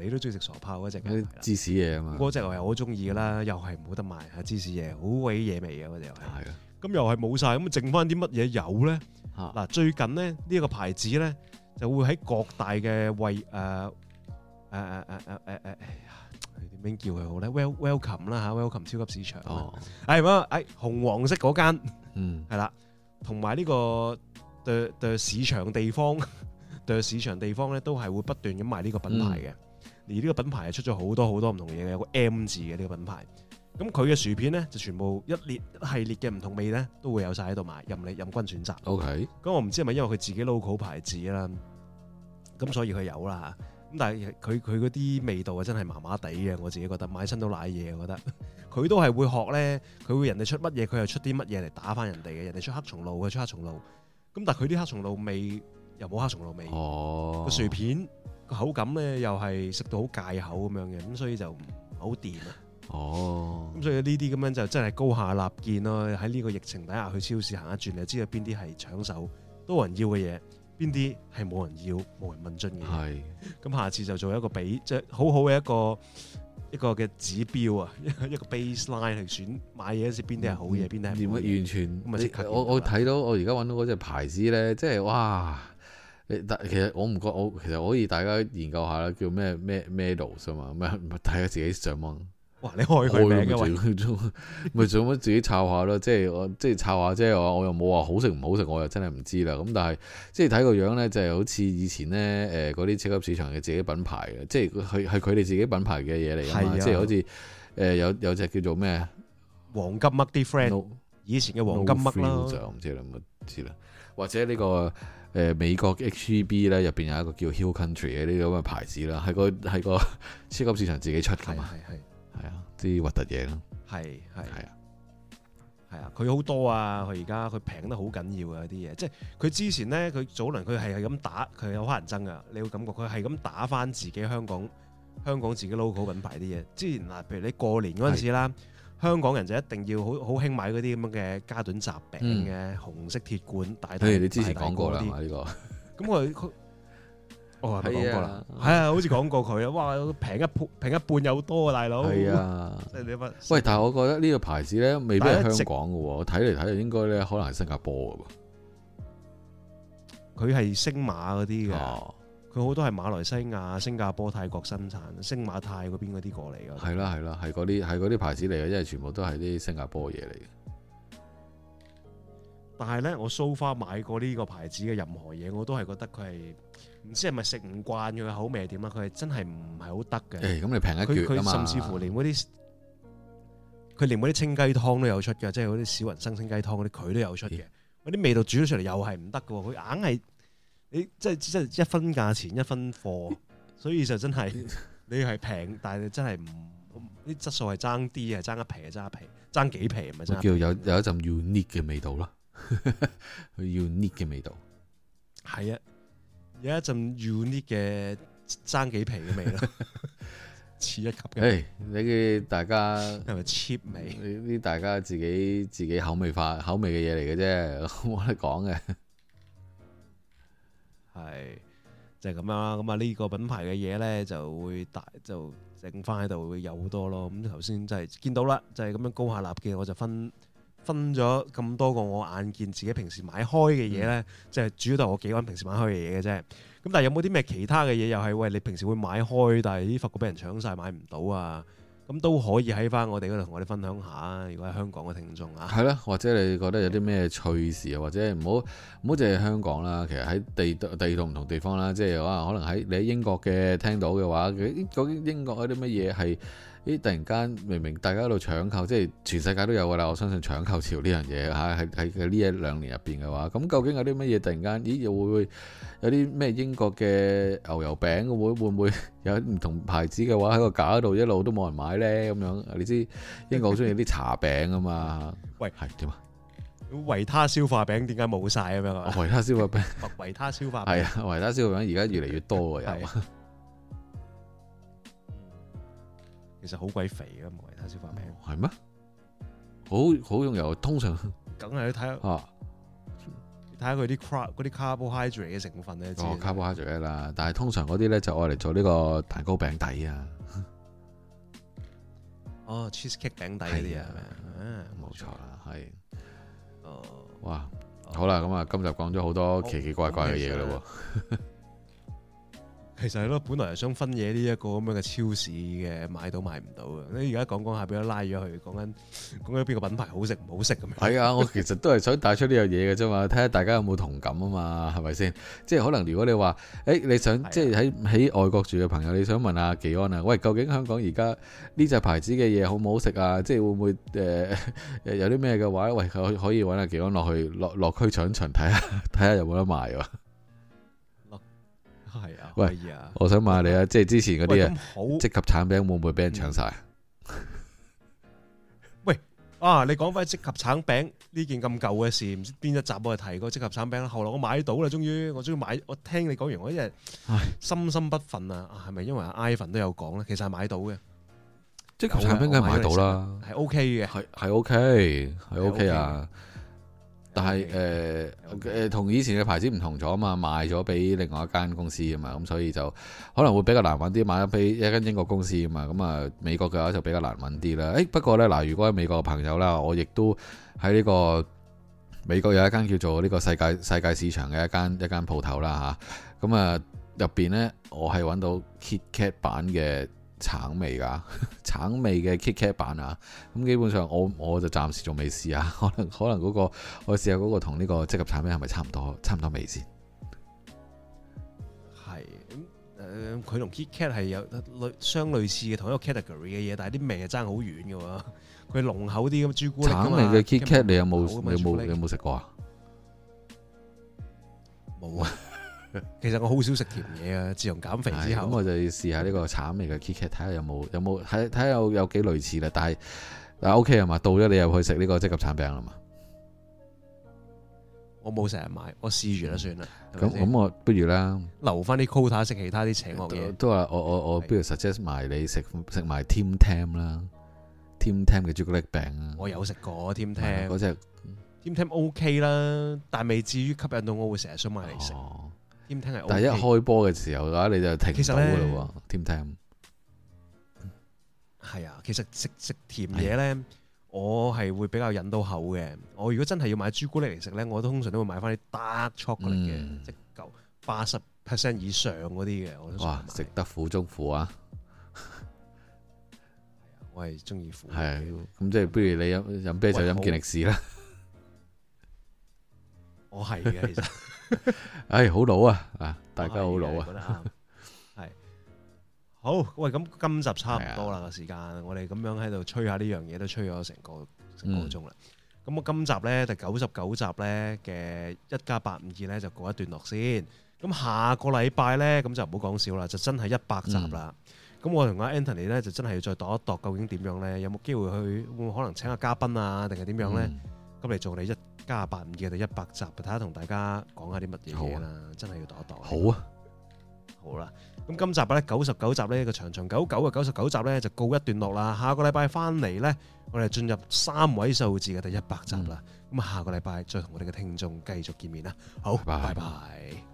A: 你都中意食傻炮嗰隻。啲芝士嘢啊嘛。嗰隻我又好中意噶啦，又係冇得賣啊！芝士嘢好鬼嘢味嘅又係。咁又係冇晒。咁剩返啲乜嘢有咧？嗱，最近呢，呢、呢、一個牌子咧就會喺各大嘅惠誒誒誒誒誒誒。呃呃呃呃呃呃呃呃名叫佢好咧，Welcome 啦嚇，Welcome 超級市場，係啊、哦，係紅黃色嗰間，係啦、嗯，同埋呢個對對市場地方，對市場地方咧都係會不斷咁賣呢個品牌嘅，嗯、而呢個品牌係出咗好多好多唔同嘢嘅，有個 M 字嘅呢個品牌，咁佢嘅薯片咧就全部一列一系列嘅唔同味咧都會有晒喺度賣，任你任君選擇。OK，咁我唔知係咪因為佢自己 logo 牌子啦，咁所以佢有啦嚇。咁但係佢佢嗰啲味道啊，真係麻麻地嘅，我自己覺得買親都賴嘢。我覺得佢都係會學咧，佢會人哋出乜嘢，佢又出啲乜嘢嚟打返人哋嘅。人哋出黑松露，佢出黑松露。咁但係佢啲黑松露味又冇黑松露味。個、哦、薯片個口感咧又係食到好戒口咁樣嘅，咁所以就唔好掂啊。哦，咁所以呢啲咁樣就真係高下立見咯。喺呢個疫情底下，去超市行一轉，你就知道邊啲係搶手、多人要嘅嘢。邊啲係冇人要，冇人問津嘅，係咁是下次就做一個比，即係好好嘅一個一個嘅指標啊，一個一個 baseline 嚟選買嘢，一啲邊啲係好嘢，
B: 邊啲係唔好嘢，完全。你我我睇到我而家搵到嗰隻牌子咧，即係哇你！其實我唔覺，我其實我可以大家研究下啦，叫咩咩 medal 啊嘛，咩大家自己上網。哇！你開佢名嘅話，咪做乜自己炒 下咯？即係我即係炒下，即係我我又冇話好食唔好食，我又真係唔知啦。咁但係即係睇個樣咧，就係好似以前咧誒嗰啲超級市場嘅自己品牌嘅，即係佢佢哋自己品牌嘅嘢嚟啊嘛。即係好似誒有有隻叫做咩黃金麥啲 friend，以前嘅黃金麥啦，就唔知啦，唔知啦。或者呢個誒美國 H E B 咧入邊有一個叫 Hill Country 嘅呢種咁嘅牌子啦，係個係個超級市場自己出嘅嘛。係啊，啲核突嘢咯，
A: 係係係啊，係啊，佢好、啊、多啊，佢而家佢平得好緊要啊啲嘢，即係佢之前咧，佢早輪佢係係咁打，佢有乞人憎噶，你會感覺佢係咁打翻自己香港香港自己 local 品牌啲嘢。之前嗱，譬如你過年嗰陣時啦，是香港人就一定要好好興買嗰啲咁樣嘅嘉頓雜餅嘅、嗯、紅色鐵罐，大，大，譬如、欸、你之前講過啦嘛呢個，咁
B: 佢 哦，係講過啦，係啊，啊，好似講過佢啊，哇，平一半，平一半有多啊，大佬。係啊，你問。喂，但係我覺得呢個牌子咧，未必係香港嘅喎。睇嚟睇嚟，睇嚟睇去應該咧可能係新加坡嘅噃。佢係星
A: 馬嗰啲嘅，佢好、哦、多係馬來西亞、新加坡、泰國生產，星馬泰嗰邊嗰啲過嚟嘅。
B: 係啦、啊，係啦、啊，係嗰啲係嗰啲牌子嚟嘅，因為全部都係啲新加坡嘢嚟嘅。
A: 但係咧，我 so far 買過呢個牌子嘅任何嘢，我都係覺得佢係。唔知係咪食唔慣佢嘅口味係點啊？佢係真係唔係好得嘅。咁、欸、你平一橛㗎嘛，佢甚至乎連嗰啲，佢、嗯、連嗰啲清雞湯都有出嘅，即係嗰啲小雲生清雞湯嗰啲，佢都有出嘅。嗰啲味道煮咗出嚟又係唔得嘅，佢硬係你即係即係一分價錢一分貨，所以就真係你係平，但係你真係唔啲質素係爭啲嘅，爭一皮啊，爭一皮，爭幾皮咪真。叫
B: 有有一陣 unique 嘅味道咯，unique 嘅味道，
A: 係 啊。有一陣 unique 嘅爭幾皮嘅味咯， 似一
B: 級嘅。誒，你嘅大家係咪 cheap 味？ 你大家自己自己口味化口味嘅嘢嚟嘅啫，冇得講嘅。係，就
A: 係、是、咁樣啦。咁啊，呢個品牌嘅嘢咧就會大就整翻喺度會有好多咯。咁頭先就係、是、見到啦，就係、是、咁樣高下立見，我就分。分咗咁多個我眼見自己平時買開嘅嘢呢，就係、嗯、主要都係我幾個人平時買開嘅嘢嘅啫。咁但係有冇啲咩其他嘅嘢又係喂，你平時會買開，但係啲貨個俾人搶晒，買唔到啊？咁都可以喺翻我哋嗰度同我哋分享下，如果係香港嘅聽眾啊，係咯，
B: 或者你覺得有啲咩趣事啊，或者唔好唔好淨係香港啦，其實喺地第二度唔同地方啦，即係話，可能喺你喺英國嘅聽到嘅話，究竟英國有啲乜嘢係。咦！突然間明明大家喺度搶購，即係全世界都有㗎啦。我相信搶購潮呢樣嘢嚇，喺喺呢一兩年入邊嘅話，咁究竟有啲乜嘢？突然間，咦又會唔會有啲咩英國嘅牛油餅會會唔會有唔同牌子嘅話喺個架度一路都冇人買呢？咁樣？你知英國好中意啲茶餅啊嘛？喂，係點
A: 啊？維他消化餅點解冇晒？咁樣啊？吧維他消化餅，維他消化餅係
B: 啊！維他消化餅而家越嚟越多啊！又對～ 其實好鬼肥㗎，冇其他消化餅，係咩？好好用油，通常
A: 梗係要睇下啊，睇下佢啲 car 啲 carbohydrate 嘅成分咧。哦
B: ，carbohydrate 啦，但係通常嗰啲咧就愛嚟做呢個蛋糕餅底啊。
A: 哦，cheesecake 餅底嗰啲啊，冇錯啦，係。哦，
B: 哇，好啦，咁啊，今日講咗好多奇奇怪怪嘅嘢啦喎。
A: 其實係咯，本來係想分嘢呢一個咁樣嘅超市嘅買到買唔到嘅。你而家講講下，畀人拉咗去講緊講緊邊個品牌好食唔好食咁
B: 樣？係啊， 我其實都係想帶出呢樣嘢嘅啫嘛，睇下大家有冇同感啊嘛，係咪先？即係可能如果你話，誒、欸、你想的即係喺喺外國住嘅朋友，你想問下紀安啊？喂，究竟香港而家呢隻牌子嘅嘢好唔好食啊？即係會唔會誒、呃、有啲咩嘅話？喂，可以可以揾阿紀安落去落落區搶搶睇下睇下有冇得賣喎？係啊，喂，我想問下你啊，即係之前嗰啲啊，積合橙餅會唔會俾人搶晒？
A: 喂，啊，你講翻積合橙餅呢件咁舊嘅事，唔知邊一集我提過積合橙餅啦。後來我買到啦，終於我終於買，我聽你講完我真係心心不忿啊。係咪因為阿 Ivan 都有講咧？其實係買到嘅，
B: 積合橙餅梗係買到啦，係 OK 嘅，係係 OK 係 OK 啊。但係誒誒，同、呃呃、以前嘅牌子唔同咗啊嘛，賣咗俾另外一間公司啊嘛，咁、嗯、所以就可能會比較難揾啲，買咗俾一間英國公司啊嘛，咁、嗯、啊美國嘅話就比較難揾啲啦。誒、欸、不過呢，嗱，如果係美國嘅朋友啦，我亦都喺呢個美國有一間叫做呢個世界世界市場嘅一間一間鋪頭啦吓，咁啊入邊、嗯、呢，我係揾到 KitKat 版嘅。橙味噶，橙味嘅 KitKat 版啊，咁基本上我我就暫時仲未試啊，可能可能嗰個我試下嗰個同呢個即刻橙味係咪差唔多，差唔多味先。
A: 係，誒、呃、佢同 KitKat 係有類相類似嘅同一個 category 嘅嘢，但係啲味係爭好遠噶喎，佢濃厚啲咁朱古力。橙味嘅 KitKat 你有冇？你有冇？你有
B: 冇食過啊？冇啊。其實我好少食甜嘢啊！自從減肥之後，咁我就要試下呢個橙味嘅 KitKat，睇下有冇有冇睇睇下有有幾類似啦。但係嗱，OK 啊嘛，到咗你又去食呢個即刻橙餅啦嘛。
A: 我冇成日買，我試完啦算啦。咁咁、嗯、
B: 我不如啦，
A: 留翻啲 quota 食其他啲邪惡嘅嘢。
B: 都話我我我不如 suggest 埋你食食埋 Tim Tam 啦，Tim Tam 嘅朱古力餅。
A: 我有食過 Tim Tam 嗰隻 Tim Tam OK 啦，但未至於吸引到我，我會成日想買嚟食，哦。
B: 但係一開波嘅時候嘅話，你就停咗啦喎。甜
A: 係 Tam 啊，其實食食甜嘢咧，哎、呀我係會比較忍到口嘅。我如果真係要買朱古力嚟食咧，我都通常都會買翻啲 dark chocolate 嘅，嗯、即係八十 percent 以上嗰啲嘅。哇、嗯！
B: 食得苦中苦啊！
A: 啊我係中意苦。係
B: 咁、啊，即係不如你飲飲啤酒就飲健力士啦。
A: 我係嘅，其實。
B: 唉，好老啊！啊，大家好老啊！
A: 係，好喂，咁今集差唔多啦，個時間我哋咁樣喺度吹下呢樣嘢，都吹咗成個成個鐘啦。咁我今集咧第九十九集咧嘅一加八五二咧就告一段落先。咁下個禮拜咧，咁就唔好講笑啦，就真係一百集啦。咁我同阿 Anthony 咧就真係要再度一度，究竟點樣咧？有冇機會去？會唔會可能請下嘉賓啊？定係點樣咧？咁嚟做你一。加廿八，唔嘅第一百集睇下同大家講下啲乜嘢嘢啦，好啊，真係要度一度啊。好啊，好啦，咁今集呢，九十九集呢，個長長久久嘅九十九集呢，就告一段落啦。下個禮拜翻嚟呢，我哋進入三位數字嘅第一百集啦。咁下個禮拜再同我哋嘅聽眾繼續見面啦。好，拜拜。拜拜拜拜。